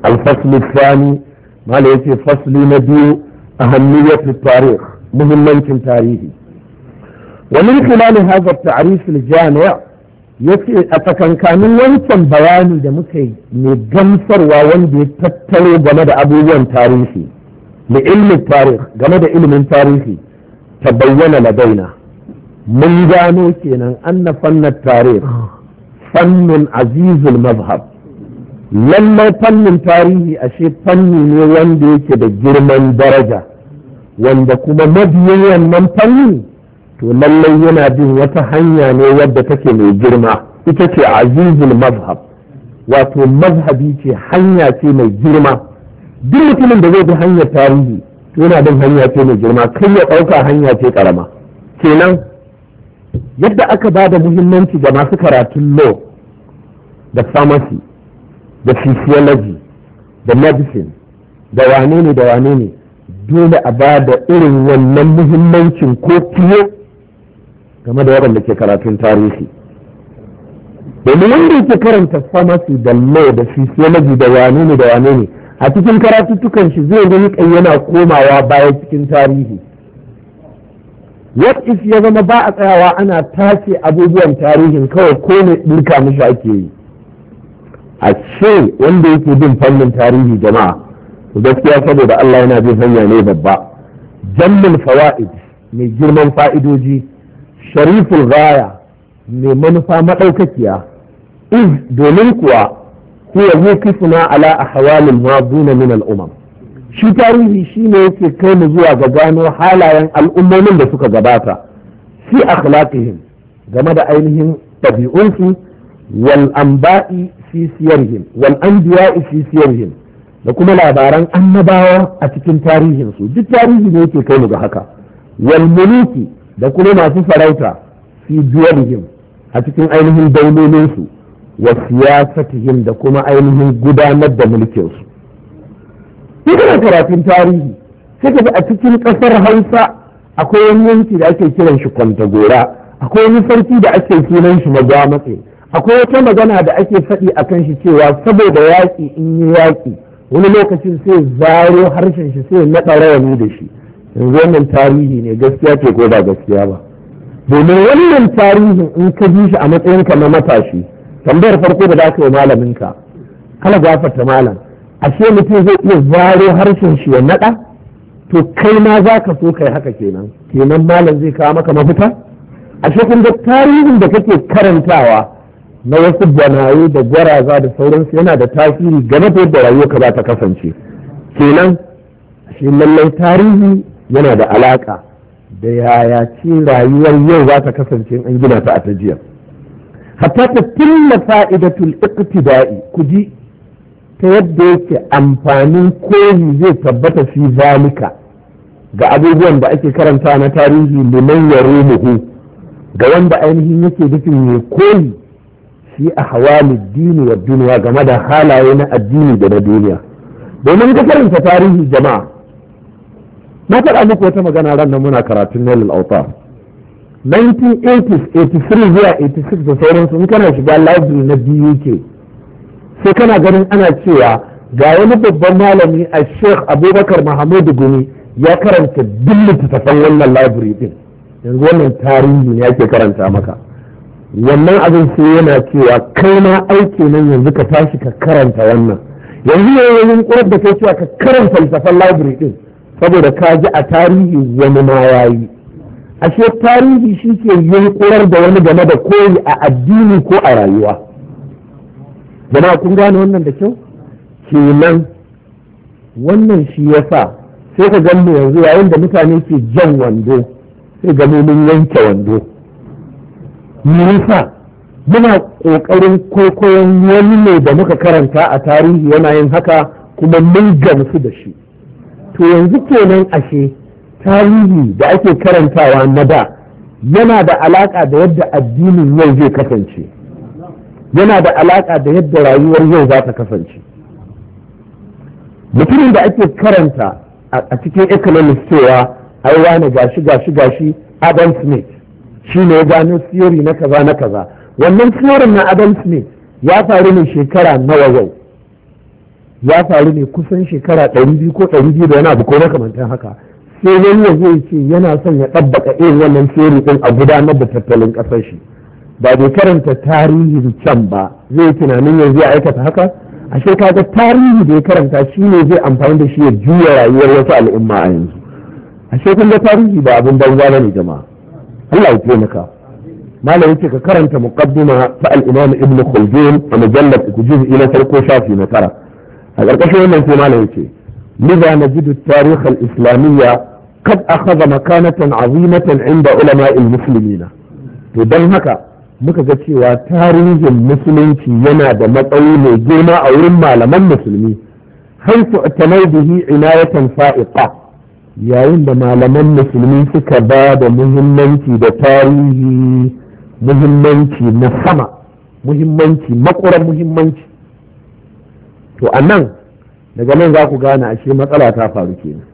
alfaslu fani mala ya ce fasli na biyu a hannuyar tarih muhimmancin tarihi ومن خلال هذا التعريف الجامع ya ce a tsakankanin wancan bayani da muka yi mai gamsarwa wanda ya tattaro game da abubuwan tarihi da ilmin tarih game da ilimin tarihi ta bayyana ladaina mun gano kenan anna fannar tarih fannin azizul mazhab lallai fannin tarihi ashe fanni ne wanda yake da girman daraja wanda kuma mabiyan wannan fanni to lallai yana bin wata hanya ne wadda take mai girma ita ce azizul mazhab wato mazhabi ce hanya ce mai girma duk mutumin da zai bi hanyar tarihi yana bin hanya ce mai girma kai ya ɗauka hanya ce karama kenan yadda aka ba da muhimmanci ga masu karatun law da pharmacy da physiology da medicine da wane ne da wane ne dole a ba da irin wannan muhimmancin ko fiye game da waɗanda ke karatun tarihi domin wanda yake karanta famasi da lo da physiology da wane ne da wane ne a cikin karatuttukan shi zai gani kai yana komawa baya cikin tarihi what if ya zama ba a tsayawa ana tashe abubuwan tarihin kawai ko ne ɗirka mishi ake yi a ce wanda yake bin fannin tarihi jama'a gaskiya saboda Allah yana bin hanya ne babba jammin fawaid mai girman fa'idoji sharifin gaya mai manufa maɗaukakiya iz domin kuwa huwa suna ala ahwalil maduna min al shi tarihi shine yake kai mu zuwa ga gano halayen al'ummomin da suka gabata fi akhlaqihim game da ainihin ɗabi'unsu wal anba'i fi siyarhim wal anbiya'i fi siyarhim da kuma labaran annabawa a cikin tarihinsu duk tarihi ne yake kai mu ga haka wal muluki da kuma masu farauta fi duwarihim a cikin ainihin daulolinsu wa siyasatihim da kuma ainihin gudanar da mulkinsu su karatun tarihi sai ka a cikin ƙasar hausa akwai wani yanki da ake kiran shi gora akwai wani sarki da ake kiran shi matse akwai wata magana da ake faɗi a kan shi cewa saboda yaƙi in yi yaƙi wani lokacin sai zaro harshen shi sai naɗa rawani da shi yanzu wannan tarihi ne gaskiya ce ko ba gaskiya ba domin wannan tarihin in ka ji shi a ka na matashi tambayar farko da za ka yi malaminka kala gafarta malam ashe mutum zai iya zaro harshen shi ya naɗa to kai ma za ka so kai haka kenan kenan malam zai kawo maka mafita ashe kun ga tarihin da kake karantawa na wasu banaye da gwaraza da sauransu yana da tasiri game da yadda rayuwarka za ta kasance kenan shi lallai tarihi yana da alaka da yaya ce rayuwar yau za ta kasance an gina ta a ta jiya hatta ta tilla fa'idatul iqtida'i ku ji ta yadda yake amfanin koyi zai tabbata fi zalika ga abubuwan da ake karanta na tarihi liman yarumuhu ga wanda ainihin yake nufin ya koyi shi a hawalin dini wa duniya game da halaye na addini da na duniya domin ka karanta tarihi jama'a na faɗa muku wata magana ran nan muna karatun nailul auta. 1980s 83 zuwa 86 da sauransu in kana shiga library na BUK sai kana ganin ana cewa ga wani babban malami a Sheikh Abubakar mahamudu Gumi ya karanta duk littattafan wannan library din yanzu wannan tarihi ne yake karanta maka wannan abin sai yana cewa kai ma aiki nan yanzu ka tashi ka karanta wannan yanzu ne yanzu kurar da kai cewa ka karanta littattafan library din saboda ka ji a tarihi wani ma yi ashe tarihi shi ke yunkurar da wani game da koyi a addini ko a rayuwa jama'a kun gane wannan da kyau kenan wannan shi ya sa sai ka gan yanzu yayin da mutane ke jan wando sai ga mun yanke wando nisa muna ƙoƙarin kwaikwayon wani ne da muka karanta a tarihi yana yin haka kuma mun gamsu da shi to yanzu kenan ashe tarihi da ake karantawa na da yana da alaƙa da yadda addinin yau zai kasance yana da alaƙa da yadda rayuwar yau za ta kasance mutumin da ake karanta a cikin economics cewa ai gashi gashi gashi adam smith shi ne gano theory na kaza na kaza wannan theory na adam smith ya faru ne shekara nawa yau ya faru ne kusan shekara ɗari biyu ko ɗari biyu da wani abu ko makamantan haka sai wani ya zai ce yana son ya ɗabbaka irin wannan tsere ɗin a gudanar da tattalin ƙasar shi ba bai karanta tarihin can ba zai tunanin yanzu ya aikata haka ashe kaga tarihi da ya karanta shi ne zai amfani da shi ya juya rayuwar wasu al'umma a yanzu ashe kun tarihi ba abin banza ba ne jama'a Allah ya taimaka malam yace ka karanta muqaddima ta al-Imam ibnu Khaldun a mujallad juz'i na farko shafi na tara a ƙarƙashin wannan sai malam yake liza najidu tarikh al-islamiyya kad akhadha makanatan azimatan inda ulama al-muslimina to don haka muka ga cewa tarihin musulunci yana da matsayi mai girma a wurin malaman musulmi a bihi inayatan fa'iqa yayin da malaman musulmi suka ba da muhimmanci da tarihi muhimmanci na sama muhimmanci makurar muhimmanci to a nan daga nan za ku gane a ashe matsala ta faru kenan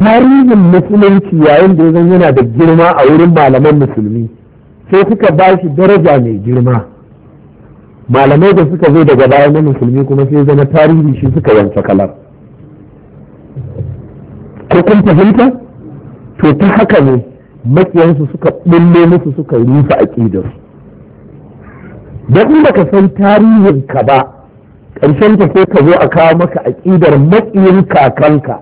tarihin musulunci yayin da zan yana da girma a wurin malaman musulmi sai suka ba shi daraja mai girma malamai da suka zo daga baya na musulmi kuma sai zama tarihi shi suka yanka kalar ko kun fahimta to ta haka ne makiyansu suka bulle musu suka rufe aƙidarsu don in baka san tarihin ka ba ƙarshen ta sai ka zo a kawo maka aƙidar matsayin kakanka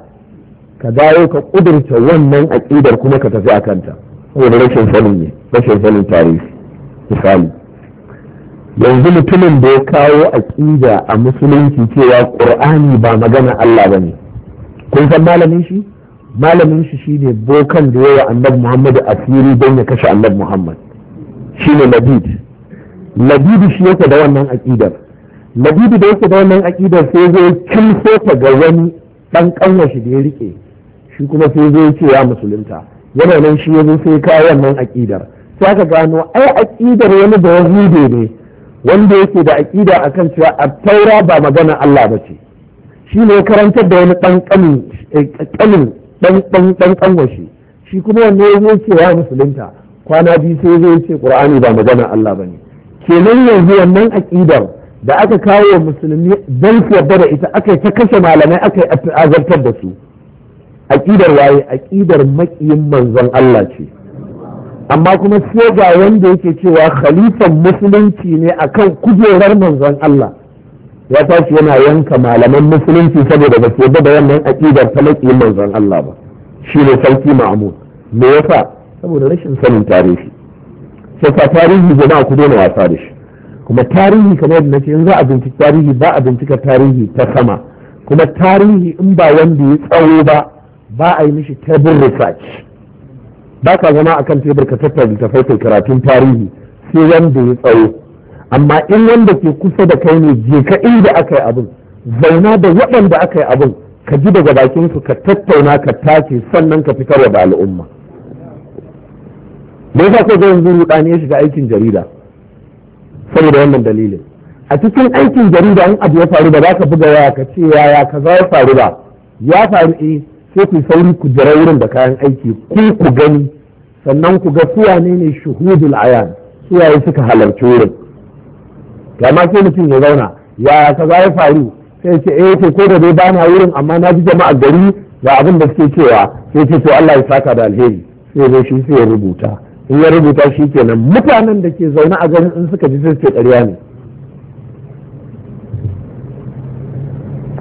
ka dawo ka ƙudurce wannan aƙidar kuma ka tafi a kanta saboda rashin sanin ne rashin sanin tarihi misali yanzu mutumin da ya kawo aƙida a musulunci cewa ƙur'ani ba magana Allah ba ne kun san malamin shi malamin shi shine bokan da yawa annabi Muhammadu asiri don ya kashe annabi Muhammad shine Labid Labid shi yake da wannan aƙidar labibi da yake da wannan aƙidar sai zai kimso ta ga wani ɗan shi da ya riƙe shi kuma sai zai ce ya musulunta yana nan shi ya sai kawo wannan aƙidar sai aka gano ai aƙidar wani da wani ne wanda yake da aƙida akan cewa a taura ba magana Allah ba ce shi ne karantar da wani ɗan ƙanin eh, ƙanwashi shi kuma wanne ya zo ce ya musulunta kwana biyu sai zai ce ƙur'ani ba magana Allah ba ne kenan yanzu wannan aƙidar da aka kawo wa musulmi don su yarda da ita aka ta kashe malamai aka yi azartar da su aƙidar waye aƙidar maƙiyin manzon Allah ce amma kuma sai ga wanda yake cewa khalifan musulunci ne akan kujerar manzon Allah ya tashi yana yanka malaman musulunci saboda ba yarda da wannan aƙidar ta maƙiyin manzon Allah ba shi ne sarki ma'amun me yasa saboda rashin sanin tarihi sai tarihi jama'a ku daina wasa da shi kuma tarihi kamar yadda nake in za a binciki tarihi ba a bincika tarihi ta sama kuma tarihi in ba wanda ya tsawo ba ba a yi mishi table research ba ka zama akan tebur ka tattara littafai karatun tarihi sai wanda ya tsawo amma in wanda ke kusa da kai ne je ka inda aka yi abin zauna da waɗanda aka yi abin ka ji daga bakinsu ka tattauna ka tace sannan ka fitar da al'umma da yasa ko zai yanzu ruɗani ya shiga aikin jarida saboda wannan dalilin a cikin aikin jarida in abu ya faru ba za buga ya ka ce ya kaza ya faru ba ya faru eh sai ku sauri ku jira wurin da kayan aiki ku ku gani sannan ku ga suwa ne ne shuhudul ayan yayi suka halarci wurin kama sai mutum ya zauna ya kaza ya faru sai ce eh to ko da dai bana wurin amma na ji jama'a gari ga abin da suke cewa sai ce to Allah ya saka da alheri sai zo shi sai ya rubuta in ya rubuta shi kenan mutanen da ke zaune a garin in suka ji sai ƙarya ne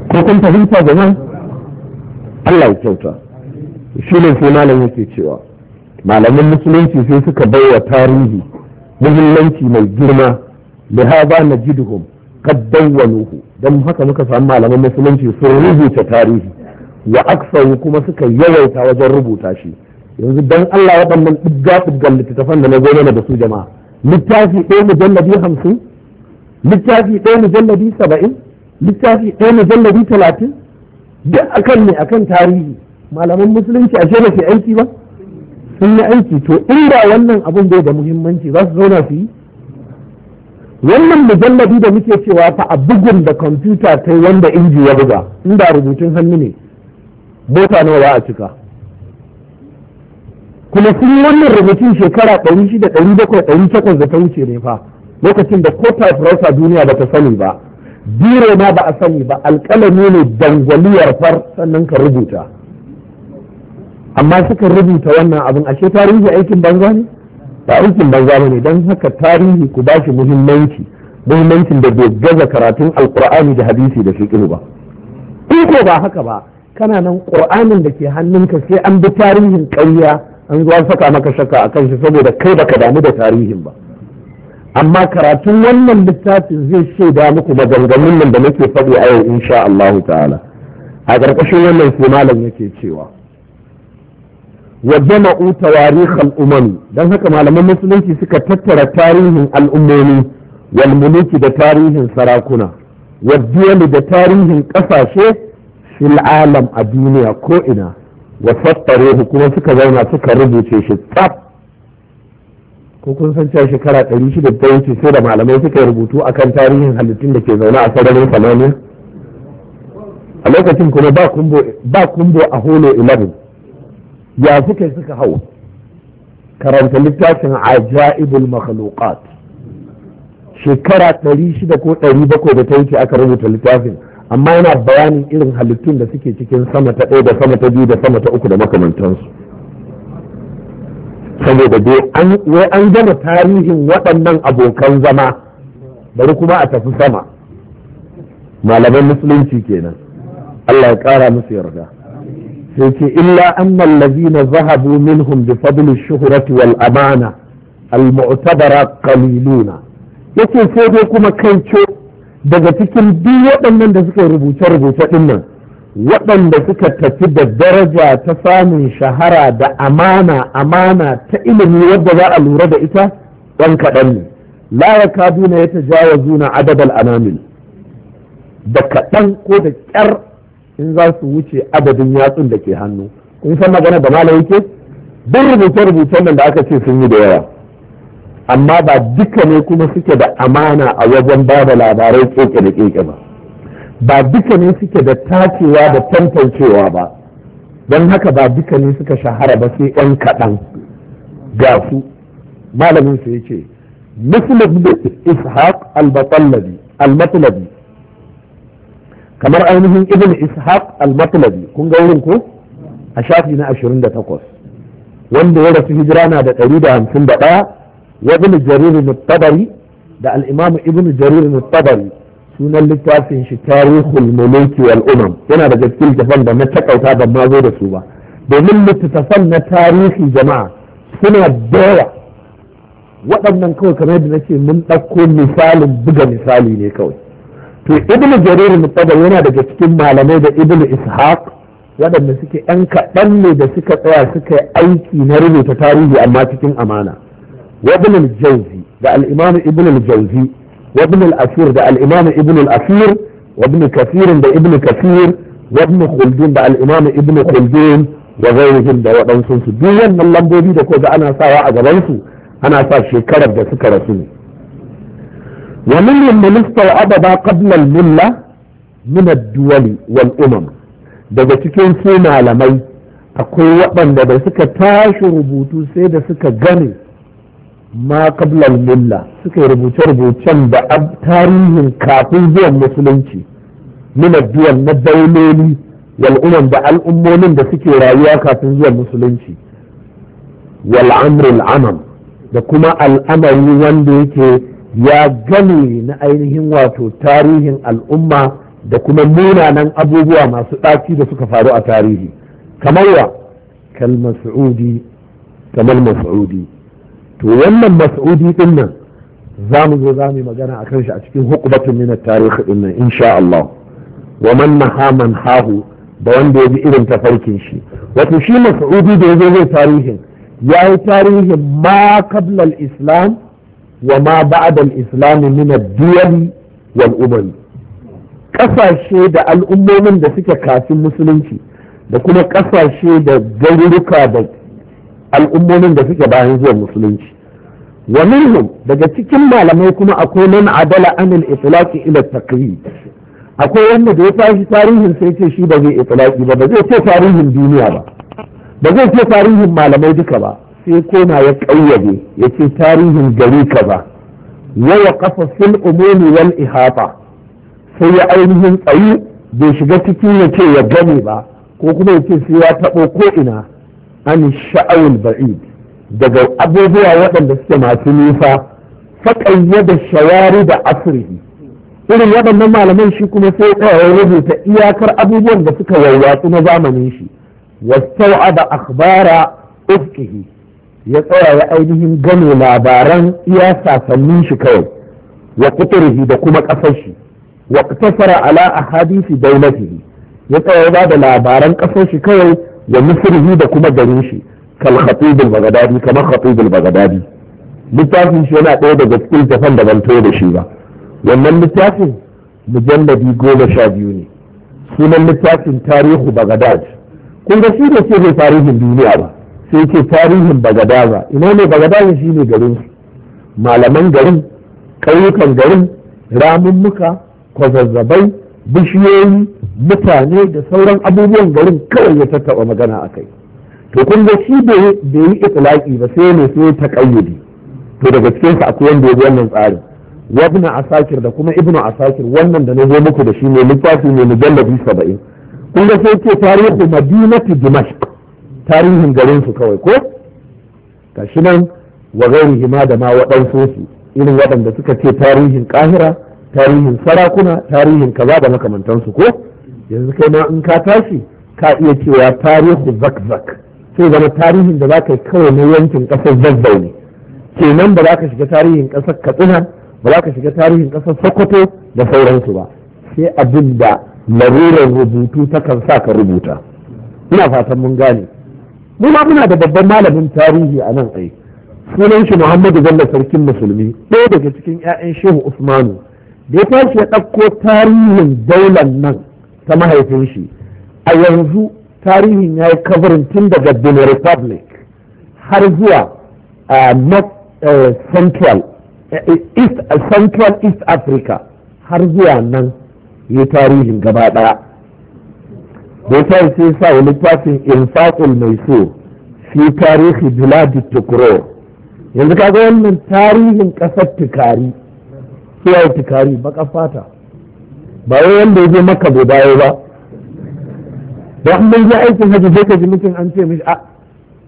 ko kun fahimta nan Allah ya kyauta shi ne sai malam yake cewa malamin musulunci sai suka bai wa tarihi muhimmanci mai girma da haza na jiduhum kad dawwanuhu don haka muka samu malaman musulunci sun rubuta tarihi wa aksaru kuma suka yawaita wajen rubuta shi yanzu dan Allah waɗannan ɗigga ɗiggan littattafan da na zo mana da su jama'a littafi ɗaya mujalladi hamsin littafi ɗaya mujalladi saba'in littafi ɗaya mujalladi talatin duk akan ne akan tarihi malaman musulunci ashe ba ke aiki ba sun yi aiki to ba wannan abin bai da muhimmanci za su zauna su yi wannan mujalladi da muke cewa fa a bugun da kwamfuta ta wanda inji ya buga inda rubutun hannu ne mota nawa za a cika kuma sun wannan rubutun shekara ɗari shida ɗari bakwai ɗari da ta wuce ne fa lokacin da ko typewriter duniya ba ta sani ba biro ma ba a sani ba alƙalami ne dangwaliyar far sannan ka rubuta amma suka rubuta wannan abin ashe tarihi aikin banza ne ba aikin banza ne don haka tarihi ku bashi muhimmanci muhimmancin da bai gaza karatun alkur'ani da hadisi da fiqh ba in ko ba haka ba kana nan ƙur'anin da ke hannunka sai an bi tarihin ƙarya an zuwa saka maka shaka a kanshi shi saboda kai ka damu da tarihin ba amma karatun wannan littafin zai shaida muku maganganun nan da nake faɗi a yau insha Allahu ta'ala a ƙarƙashin wannan sai malam yake cewa wa jama'u tawarikh al dan haka malaman musulunci suka tattara tarihin al'ummomi wal muluki da tarihin sarakuna wa da tarihin ƙasashe fil alam a duniya ko ina wasattaruhu kuma suka zauna suka rubuce shi tsaf ko kun san cewa shekara ɗari shida ta wuce sai da malamai suka yi rubutu kan tarihin halittun da ke zaune a sararin samaniya a lokacin kuma ba kumbo a holo 11 ya suka suka hau karanta littafin ajaibul makhluqat shekara ɗari shida ko ɗari bakwai da ta wuce aka rubuta littafin amma yana bayanin irin halittun da suke cikin sama ta ɗaya da sama ta biyu da sama ta uku da makamantansu saboda dai an wai an gama tarihin waɗannan abokan zama bari kuma a tafi sama malaman musulunci kenan Allah ya ƙara musu yarda sai ce illa annal ladina zahabu minhum bi fadli shuhrati wal amana al mu'tabara qaliluna yake sai dai kuma kai daga cikin duk waɗannan da suka rubuce-rubuce ɗin nan waɗanda suka tafi da daraja ta samun shahara da amana amana ta ilimi wadda za a lura da ita ɗan kaɗan ne la ya kaduna ya tajawazu na adabal anamil da kaɗan ko da ƙyar in za su wuce adadin yatsun da ke hannu kun san magana da malam yake duk rubuce-rubucen nan da aka ce sun yi da yawa amma ba duka ne kuma suke da amana a wajen ba da labarai keke da keke ba ba duka ne suke da tacewa da tantancewa ba don haka ba duka ne suka shahara ba sai 'yan kaɗan ga su malamin su ce muslim da ishaq al-batalabi al-matlabi kamar ainihin ibn ishaq al-matlabi kun ga wurin ko a shafi na 28 wanda ya rasu hijira na da 151 وابن جرير الطبري ده الإمام ابن جرير sunan littafin shi tarihul muluki wal umam yana daga cikin tafan na takauta zo da su ba domin littattafan na tarihi jama'a suna dawa waɗannan kawai kamar yadda nace mun ɗauko misalin buga misali ne kawai to ibn jarir mutabar yana da cikin malamai da ibn ishaq waɗanda suke ɗan kaɗan ne da suka tsaya suka yi aiki na rubuta tarihi amma cikin amana وابن الجوزي ده الإمام ابن الجوزي وابن da ده الإمام ابن الأثير وابن كثير ده ابن كثير وابن خلدون ده الإمام ابن خلدون وغيرهم ده وɗansun su duk wannan lambobi da ko da ana sawa a gabansu ana sa shekarar da suka rasu ne wa min ministar ababa qabla al-mulla min ad-duwali wal daga cikin su malamai akwai waɗanda suka tashi rubutu sai da suka gane ma kablal mulla suka yi rubuce-rubucen da tarihin kafin zuwan musulunci min addu'an na dauloli da al'ummomin da suke rayuwa kafin zuwan musulunci wal da kuma al'amari wanda yake ya gane na ainihin wato tarihin al'umma da kuma munanan abubuwa masu ɗaci da suka faru a tarihi kamar wa kalmasudi kamar masudi to wannan mas'udi din nan za mu zo za mu yi magana akan shi a cikin hukubatun minar tarihi din nan insha Allah wa man naha man hahu da wanda ya bi irin tafarkin shi wato shi mas'udi da ya zo zai tarihin ya yi tarihin ma qabla islam wa ma ba'da islam min ad-diyal wal kasashe da al'ummomin da suke kafin musulunci da kuma kasashe da garuruka da al'ummomin da suke bayan zuwa musulunci wa minhum daga cikin malamai kuma akwai man adala anil itlaqi ila taqyid akwai wanda da ya tashi tarihin sai ce shi ba zai itlaqi ba ba zai ce tarihin duniya ba ba zai ce tarihin malamai duka ba sai na ya kayyade ya ce tarihin gari kaza yawa waqafa fil umumi wal ihata sai ya ainihin tsayi bai shiga cikin ya ce ya gane ba ko kuma ya ce sai ya taɓo ko ina an sha'awul ba'id daga abubuwa waɗanda suke masu faƙayya da shawari da asirihi irin waɗannan malaman shi kuma sai tsaya rubuta iyakar abubuwan da suka wawwatsu na zamanin shi wasu da akhbara ufkihi ya tsaya ya ainihin gano labaran iya sasannin shi kawai wa kuturihi da kuma ƙasar shi wa tasara ala ahadisi daulatihi ya tsaya ya ba da labaran ƙasar shi kawai yanzu misrihi da kuma garin shi kal khatibul bagadadi bagdadi kamar khatib al bagdadi littafin shi yana ɗaya daga cikin tafan da ban da shi ba wannan littafin mujalladi goma sha biyu ne sunan littafin tarihu bagadad kun ga shi da ce bai tarihin duniya ba sai ke tarihin bagadaza ina ne bagadaza shi ne garin malaman garin ƙauyukan garin muka, kwazazzabai bishiyoyi mutane da sauran abubuwan garin kawai ya tattaɓa magana a kai to kun ga shi da yi itilaki ba sai ne sai ta to daga cikin akwai wanda ya wannan tsarin wabna asakir da kuma ibnu asakir wannan da na zo muku da shi ne littafi ne mujallabi sabain kun ga sai ce tarihi madinati dimashq tarihin garin su kawai ko gashi nan wa gairihi da ma waɗansu irin waɗanda suka ce tarihin kahira tarihin sarakuna tarihin kaza da makamantansu ko yanzu kai ma in ka tashi ka iya cewa tarihu zakzak sai zama tarihin da za ka yi kawai na yankin ƙasar zazzau ne kenan ba za ka shiga tarihin ƙasar katsina ba za ka shiga tarihin ƙasar sokoto da sauransu ba sai abin da larurar rubutu ta kan sa ka rubuta ina fatan mun gane mu ma muna da babban malamin tarihi a nan ai sunan shi muhammadu bello sarkin musulmi ɗaya daga cikin 'ya'yan shehu usmanu da ya tashi ya ɗauko tarihin daular nan ta mahaifin shi a yanzu tarihin ya yi kabarin tun daga benin republic har zuwa north eh, central eh, east eh, central east africa har zuwa nan ya tarihin gaba ɗaya da ya tashi sai sa wani in infaqul mai so fi tarihi biladi tukuro yanzu kaga wannan tarihin ƙasar tukari suwa ya tikari baka fata ba wai wanda ya je maka bai dawo ba da an bai je aikin haji sai ka ji mutum an ce mishi a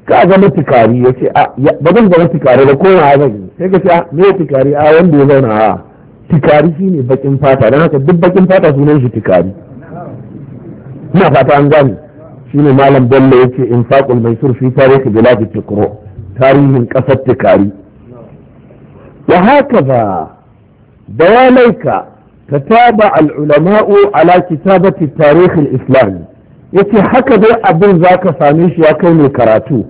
ka zama tikari ya ce a ba zan zama tikari da kowa ya zan sai ka ce a me tikari a wanda ya zauna a tikari shine bakin fata don haka duk bakin fata sunan shi tikari ina fata an gani shine malam bello yace infaqul surfi fi tarihi bilad tikro tarihin kasar tikari wa hakaza bayananka tataba al'ulama'u ala kitabati tarihin islami yace haka dai abin za ka same shi ya kai mai karatu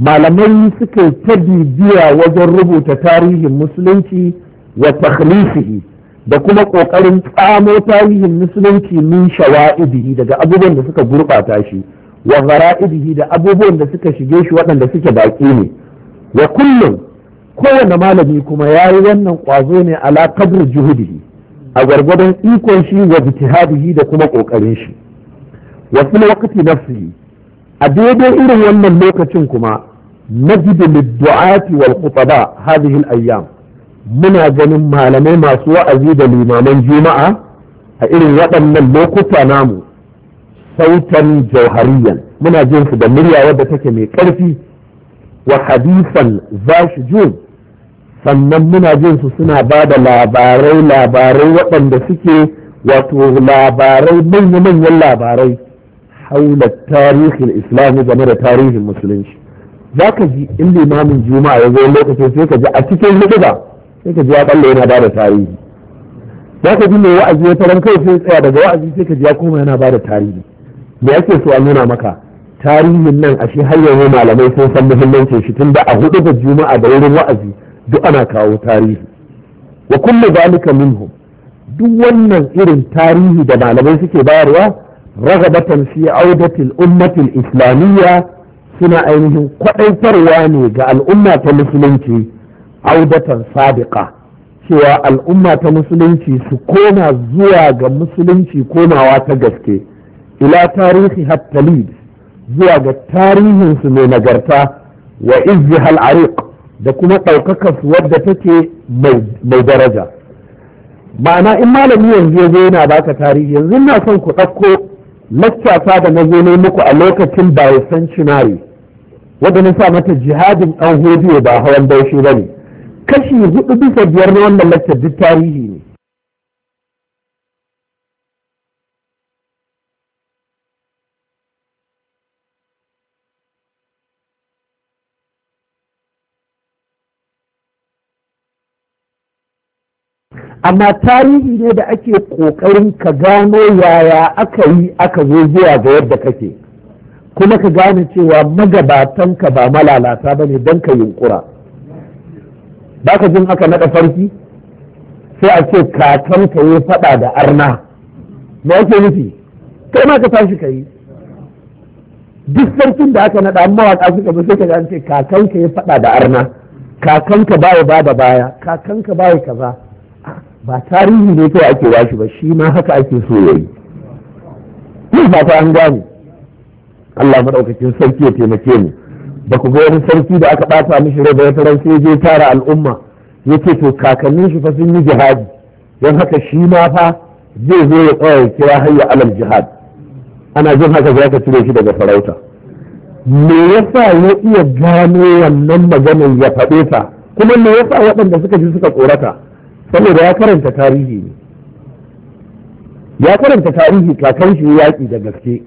malamai suke ta bibiya wajen rubuta tarihin musulunci wa taklifi da kuma ƙoƙarin tsamo tarihin musulunci min shawa'idihi daga abubuwan da suka gurɓata shi wa zara'idihi da abubuwan da suka shige shi waɗanda suke baƙi ne wa kullum kowane malami kuma ya yi wannan ƙwazo ne a kadr juhudihi a gwargwadon ikon shi wa jitihadihi da kuma ƙoƙarin shi wasu lokaci nafsihi a daidai irin wannan lokacin kuma najidu liddu'ati wal khutaba hadhihi ayyam muna ganin malamai masu wa'azi da limaman juma'a a irin waɗannan lokuta namu sautan jauhariyan muna jin su da murya wadda take mai ƙarfi wa hadisan zashijun sannan muna jin su suna ba da labarai labarai waɗanda suke wato labarai manya-manyan labarai haula tarihin islami game da tarihin musulunci za ka ji in limamin juma'a ya zo lokacin sai ka ji a cikin hikima sai ka ji ya balle yana ba da tarihi za ka ji mai wa'azi ya taron kai sai tsaya daga wa'azi sai ka ji ya koma yana ba da tarihi me yake so a nuna maka tarihin nan ashe har yanzu malamai sun san muhimmancin shi tun da a hudu da juma'a da wurin wa'azi duk ana kawo tarihi wa kullu zalika minhum duk wannan irin tarihi da malamai suke bayarwa ragabatan fi audatil ummatil islamiyya suna ainihin kwadaitarwa ne ga al'umma ta musulunci audatan sabiqa cewa al'umma ta musulunci su koma zuwa ga musulunci komawa ta gaske ila tarihi hattalid zuwa ga tarihinsu mai nagarta wa izzi hal da kuma ɗaukaka wadda take mai daraja ma'ana in malami yanzu ya zo yana baka tarihi yanzu ina son ku ɗauko laccasa da na zo muku a lokacin bicentenary wadda na sa mata jihadin ɗan hodiyo ba hawan daushe ba ne kashi hudu bisa biyar na wannan laccar duk tarihi ne amma tarihi ne da ake ƙoƙarin ka gano yaya aka yi aka zo zuwa ga yadda kake kuma ka gane cewa magabatanka ba malalata ba ne don ka yunkura ba ka jin aka naɗa farki sai a ce kakanka ya faɗa da arna me yake nufi kai ma ka tashi ka yi duk sarkin da aka naɗa mawaƙa suka bi sai ka gane ce kakanka ya faɗa da arna kakanka baya ba da baya kakanka baya kaza ba tarihi ne kawai ake washi ba shi ma haka ake so ya yi ba ta an gane Allah maɗaukacin sarki ya taimake mu ba ku ga wani sarki da aka ɓata mishi rai ba ya tarar sai je tara al'umma ya ce to kakannin shi fa sun yi jihadi don haka shi ma fa zai zo ya tsaya ya kira hayya alal jihad ana jin haka za ka cire shi daga farauta me yasa ya iya gano wannan maganar ya faɗe ta kuma me yasa waɗanda suka ji suka tsorata saboda ya karanta tarihi ne ya karanta tarihi kakan shi yaƙi da gaske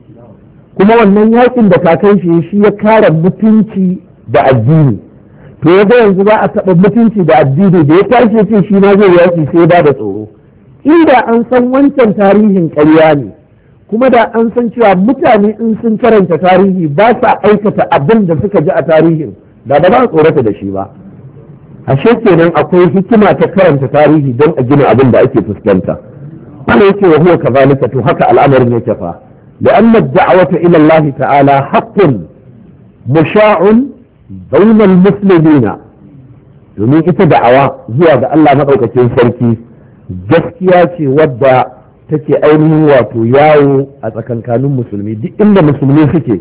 kuma wannan yaƙin da kakan shi shi ya kara mutunci da addini to ya yanzu za a taɓa mutunci da addini da ya tashi ce shi ma zai yaƙi sai ba da tsoro inda an san wancan tarihin ƙarya ne kuma da an san cewa mutane in sun karanta tarihi ba sa aikata abin da suka ji a tarihin da ba za a tsorata da shi ba ashe kenan akwai hikima ta karanta tarihi don a gina abin da ake fuskanta ana yake wa huwa kazalika to haka al'amarin yake fa da'awata الدعوة إلى ta'ala تعالى حق مشاع بين المسلمين domin ita da'awa zuwa ga Allah maɗaukacin sarki gaskiya ce wadda take ainihin wato yawo a tsakankanin musulmi duk inda musulmi suke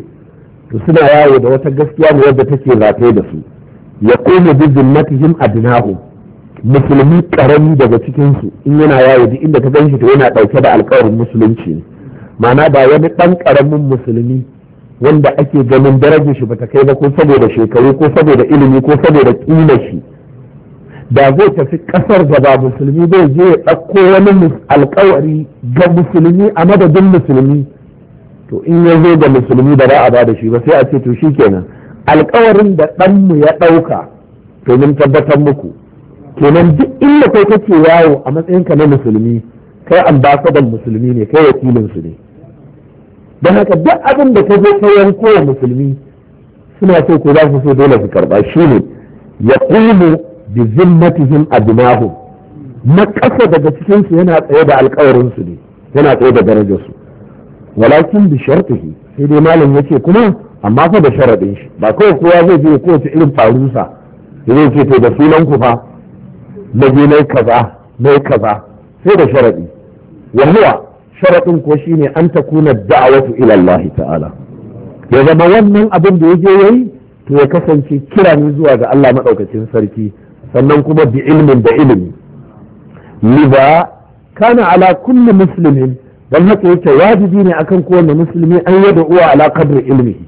to suna yawo da wata gaskiya wadda take rataye da su ya koma bi zimmatihim adnahu musulmi karami daga cikin su in yana yawo duk inda ka ganshi to yana dauke da alƙawarin musulunci ma'ana ba wani dan karamin musulmi wanda ake ganin darajar shi bata kai ba ko saboda shekaru ko saboda ilimi ko saboda kila shi da zai tafi kasar da ba musulmi zai je ya ɗauko wani alkawari ga musulmi a madadin musulmi to in ya zo da musulmi da ba a ba da shi ba sai a ce to shi kenan alkawarin da ɗanmu ya ɗauka domin tabbatar muku kenan duk inda kai kake yawo a matsayinka na musulmi kai ambasadan musulmi ne kai wakilinsu ne don haka duk abin da ka zo kayan kowa musulmi suna so ko za su so dole su karba shi ne ya ƙumu bi zimmatihim abinahum na ƙasa daga cikinsu yana tsaye da alkawarinsu ne yana tsaye da darajarsu walakin bi shartihi sai dai malam ce kuma amma fa da sharaɗin shi ba kawai kowa zai je kowace irin farusa zai ce to da sunan ku fa na je nai kaza nai kaza sai da sharaɗi wa sharaɗin ko shine an ta kuna da'awatu ila Allah ta'ala ya zama wannan abin da yaje yayi to ya kasance kira ne zuwa ga Allah madaukakin sarki sannan kuma bi ilmin da ilimi liba kana ala kulli muslimin dan haka yake wajibi ne akan kowane musulmi an yadda uwa ala qadri ilmihi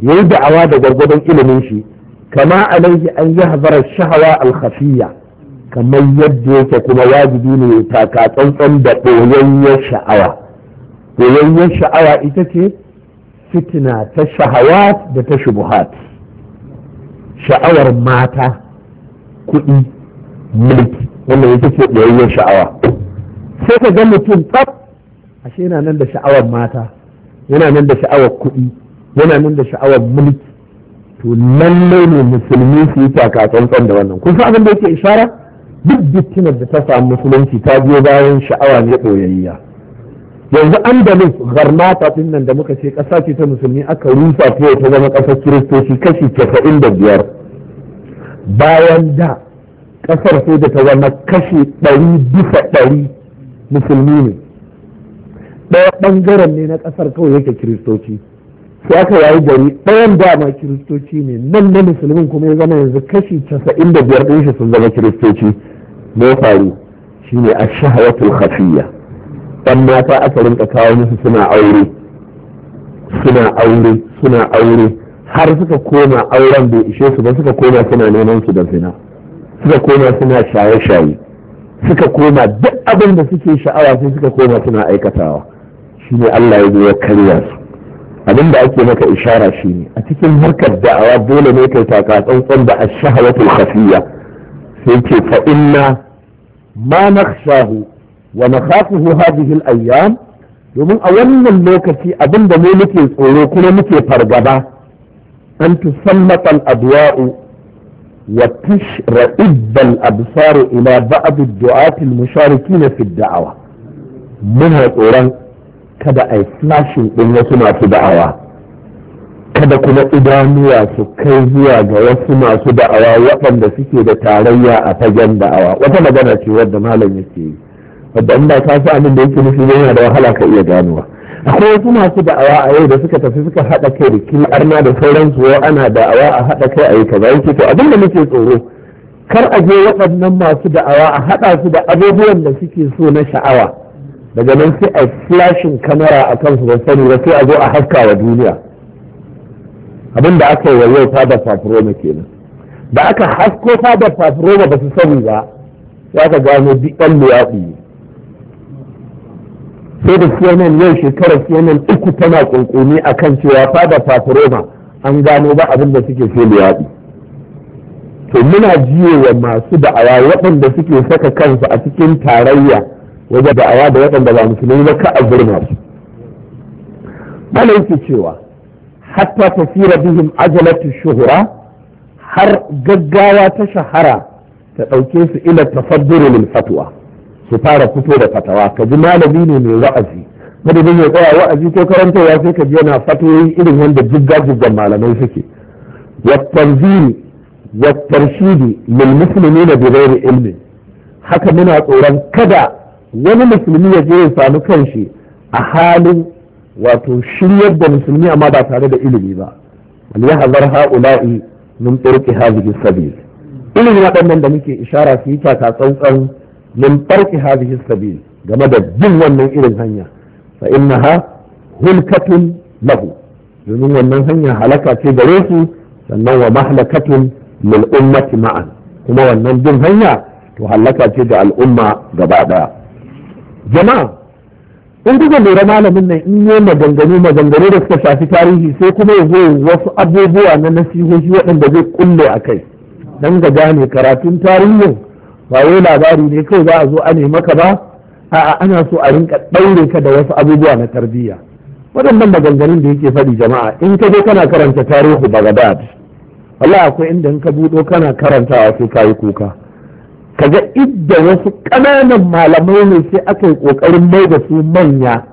yayi da'awa da gwargwadon ilimin shi kama alaihi an hazarar shahawa al kamar yadda yake kuma wajibi ne taka tsantsan da ɓoyayyar sha'awa ɗoyayyar sha'awa ita ce fitina ta shahawa da ta shubuhat sha'awar mata kuɗi mulki wannan ita ce ɓoyayyar sha'awa sai ka ga mutum tsaf ashe yana nan da sha'awar mata yana nan da sha'awar kuɗi yana nan da sha'awar mulki to lallai ne musulmi su yi takatsantsan da wannan kun san da yake ishara duk bitinar da ta samu musulunci ta biyo bayan sha'awa ne ɓoyayya yanzu andalus garnata din nan da muka ce ƙasa ce ta musulmi aka rusa fiye ta zama ƙasar kiristoci kashi casa'in da biyar bayan da ƙasar sai da ta zama kashi ɗari bisa ɗari musulmi ne ɗaya ɓangaren ne na ƙasar kawai yake kiristoci sai aka yayi gari ɗayan dama kiristoci ne nan na musulmin kuma ya zama yanzu kashi casa'in da biyar ɗin shi sun zama kiristoci ne faru ne a shahawatul hafiya. ɗan mata aka rinka kawo musu suna aure suna aure suna aure har suka koma auren bai ishe su ba suka koma suna neman su da zina suka koma suna shaye-shaye suka koma duk abin da suke sha'awa sai suka koma suna aikatawa shi ne Allah ya zo ya karya su abin da ake maka ishara shi ne a cikin harkar da'awa dole ne kai taka tsantsan da ash-shahawatul khafiyya sai ce fa inna ma nakhshahu wa nakhafuhu hadhihi al-ayyam domin a wannan lokaci abin da mu muke tsoro kuma muke fargaba an tusammata al-adwa'u wa tashra'ibba al-absar ila ba'd ad-du'at al-musharikin fi ad-da'wa muna tsoron kada a yi flashin ɗin wasu masu da'awa kada kuma idanuwa su kai zuwa ga wasu masu da'awa waɗanda suke da tarayya a fagen da'awa wata magana ce wadda malam yake yi wadda inda ka fi abin da yake nufi yana da wahala ka iya ganuwa. akwai wasu masu da'awa a yau da suka tafi suka haɗa kai da kin arna da sauransu wa ana da'awa a haɗa kai a yi kaza yake to abin da muke tsoro kar a je waɗannan masu da'awa a haɗa su da abubuwan da suke so na sha'awa daga nan sai a flashin kamera a kansu ban sani da sai a zo a haska wa duniya abin da aka yi wa yau fadar fafiroma kenan da aka hasko da fafiroma ba su sani ba ya ka gano duk ɗan luwaɗi sai da cnn yau shekarar cnn uku tana kunkuni a kan cewa fadar fafiroma an gano ba abin da suke sai luwaɗi to muna jiye wa masu da'awa waɗanda suke saka kansu a cikin tarayya wajen da'awa da waɗanda ba musulmi ba ka a gurma su cewa hatta tafira bihim ajalatu shuhura har gaggawa ta shahara ta ɗauke su ila tafadduru fatwa su fara fito da fatawa ka ji malami ne mai wa'azi madadin ya tsaya wa'azi ko karantarwa sai ka ji yana fatoyi irin yadda jigga jiggan malamai suke wa tanziri wa tarshidi lil muslimina bi ghairi ilmin haka muna tsoron kada wani musulmi ya je ya samu kanshi a halin wato shiryar da musulmi amma ba tare da ilimi ba wal yahzar haula'i min turki hadhihi sabil ilimin waɗannan da muke ishara su yi taka tsantsan min farki hadhihi sabil game da bin wannan irin hanya fa innaha hulkatun lahu domin wannan hanya halaka ce gare su sannan wa mahlakatun lil ummati ma'an kuma wannan bin hanya to halaka ce ga al'umma gaba daya jama'a in kuka lura malamin nan in yi maganganu maganganu da suka shafi tarihi sai kuma ya zo wasu abubuwa na nasihohi waɗanda zai kulle a kai don ga gane karatun tarihin ba wai labari ne kai za a zo a nema ka ba a'a ana so a rinka ɗaure ka da wasu abubuwa na tarbiyya waɗannan maganganun da yake faɗi jama'a in ka je kana karanta tarihi bagdad wallahi akwai inda in ka buɗo kana karantawa sai kayi kuka kaga idda wasu ƙananan malamai ne sai aka yi ƙoƙarin mai da su manya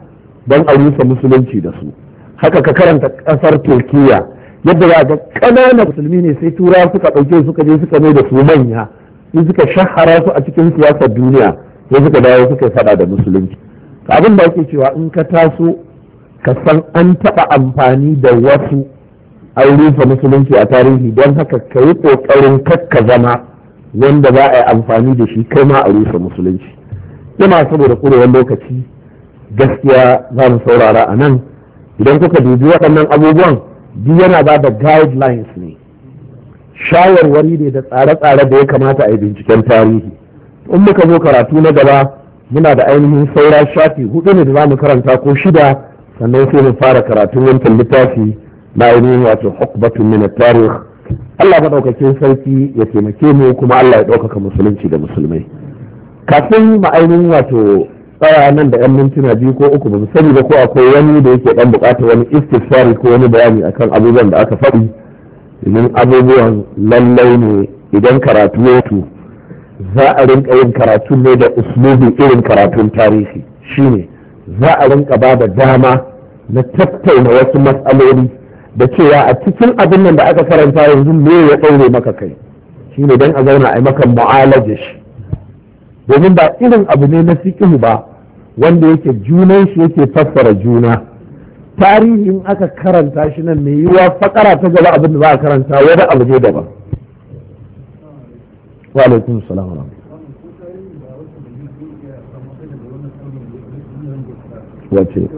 don a rusa musulunci da su haka ka karanta ƙasar turkiya yadda za ga ƙananan musulmi ne sai tura suka ɗauke suka je suka mai da su manya sai suka shahara su a cikin siyasar duniya sai suka dawo suka faɗa da musulunci abin da ake cewa in ka taso ka san an taɓa amfani da wasu an rufe musulunci a tarihi don haka ka yi ƙoƙarin kakka zama wanda za a yi amfani da shi kai ma a rusa musulunci jama'a saboda kurewar lokaci gaskiya za mu saurara a nan idan kuka dubi waɗannan abubuwan duk yana ba da guidelines ne shawarwari ne da tsare-tsare da ya kamata a yi binciken tarihi in muka zo karatu na gaba muna da ainihin saura shafi hudu ne da za mu karanta ko shida sannan sai mu fara karatun wancan littafi na ainihin wato hukbatun min tarihi. Allah maɗaukakin sarki ya taimake mu kuma Allah ya ɗaukaka musulunci da musulmai kafin ma'ainin wato tsaya nan da 'yan mintuna biyu ko uku ba sani ba ko akwai wani da yake ɗan buƙatar wani istifari ko wani bayani akan abubuwan da aka faɗi domin abubuwan lallai ne idan karatu ya za a rinka yin karatu ne da uslubi irin karatun tarihi shine za a rinka ba da dama na tattauna wasu matsaloli da cewa a cikin abin nan da aka karanta yanzu me ya ɗaure maka kai shi ne don a zauna a maka mu'alaja shi domin ba irin abu ne na fiqhu ba wanda yake junan shi yake fassara juna tarihin aka karanta shi nan mai yiwuwa fakara ta gaba abin da za a karanta wani abu ne daban wace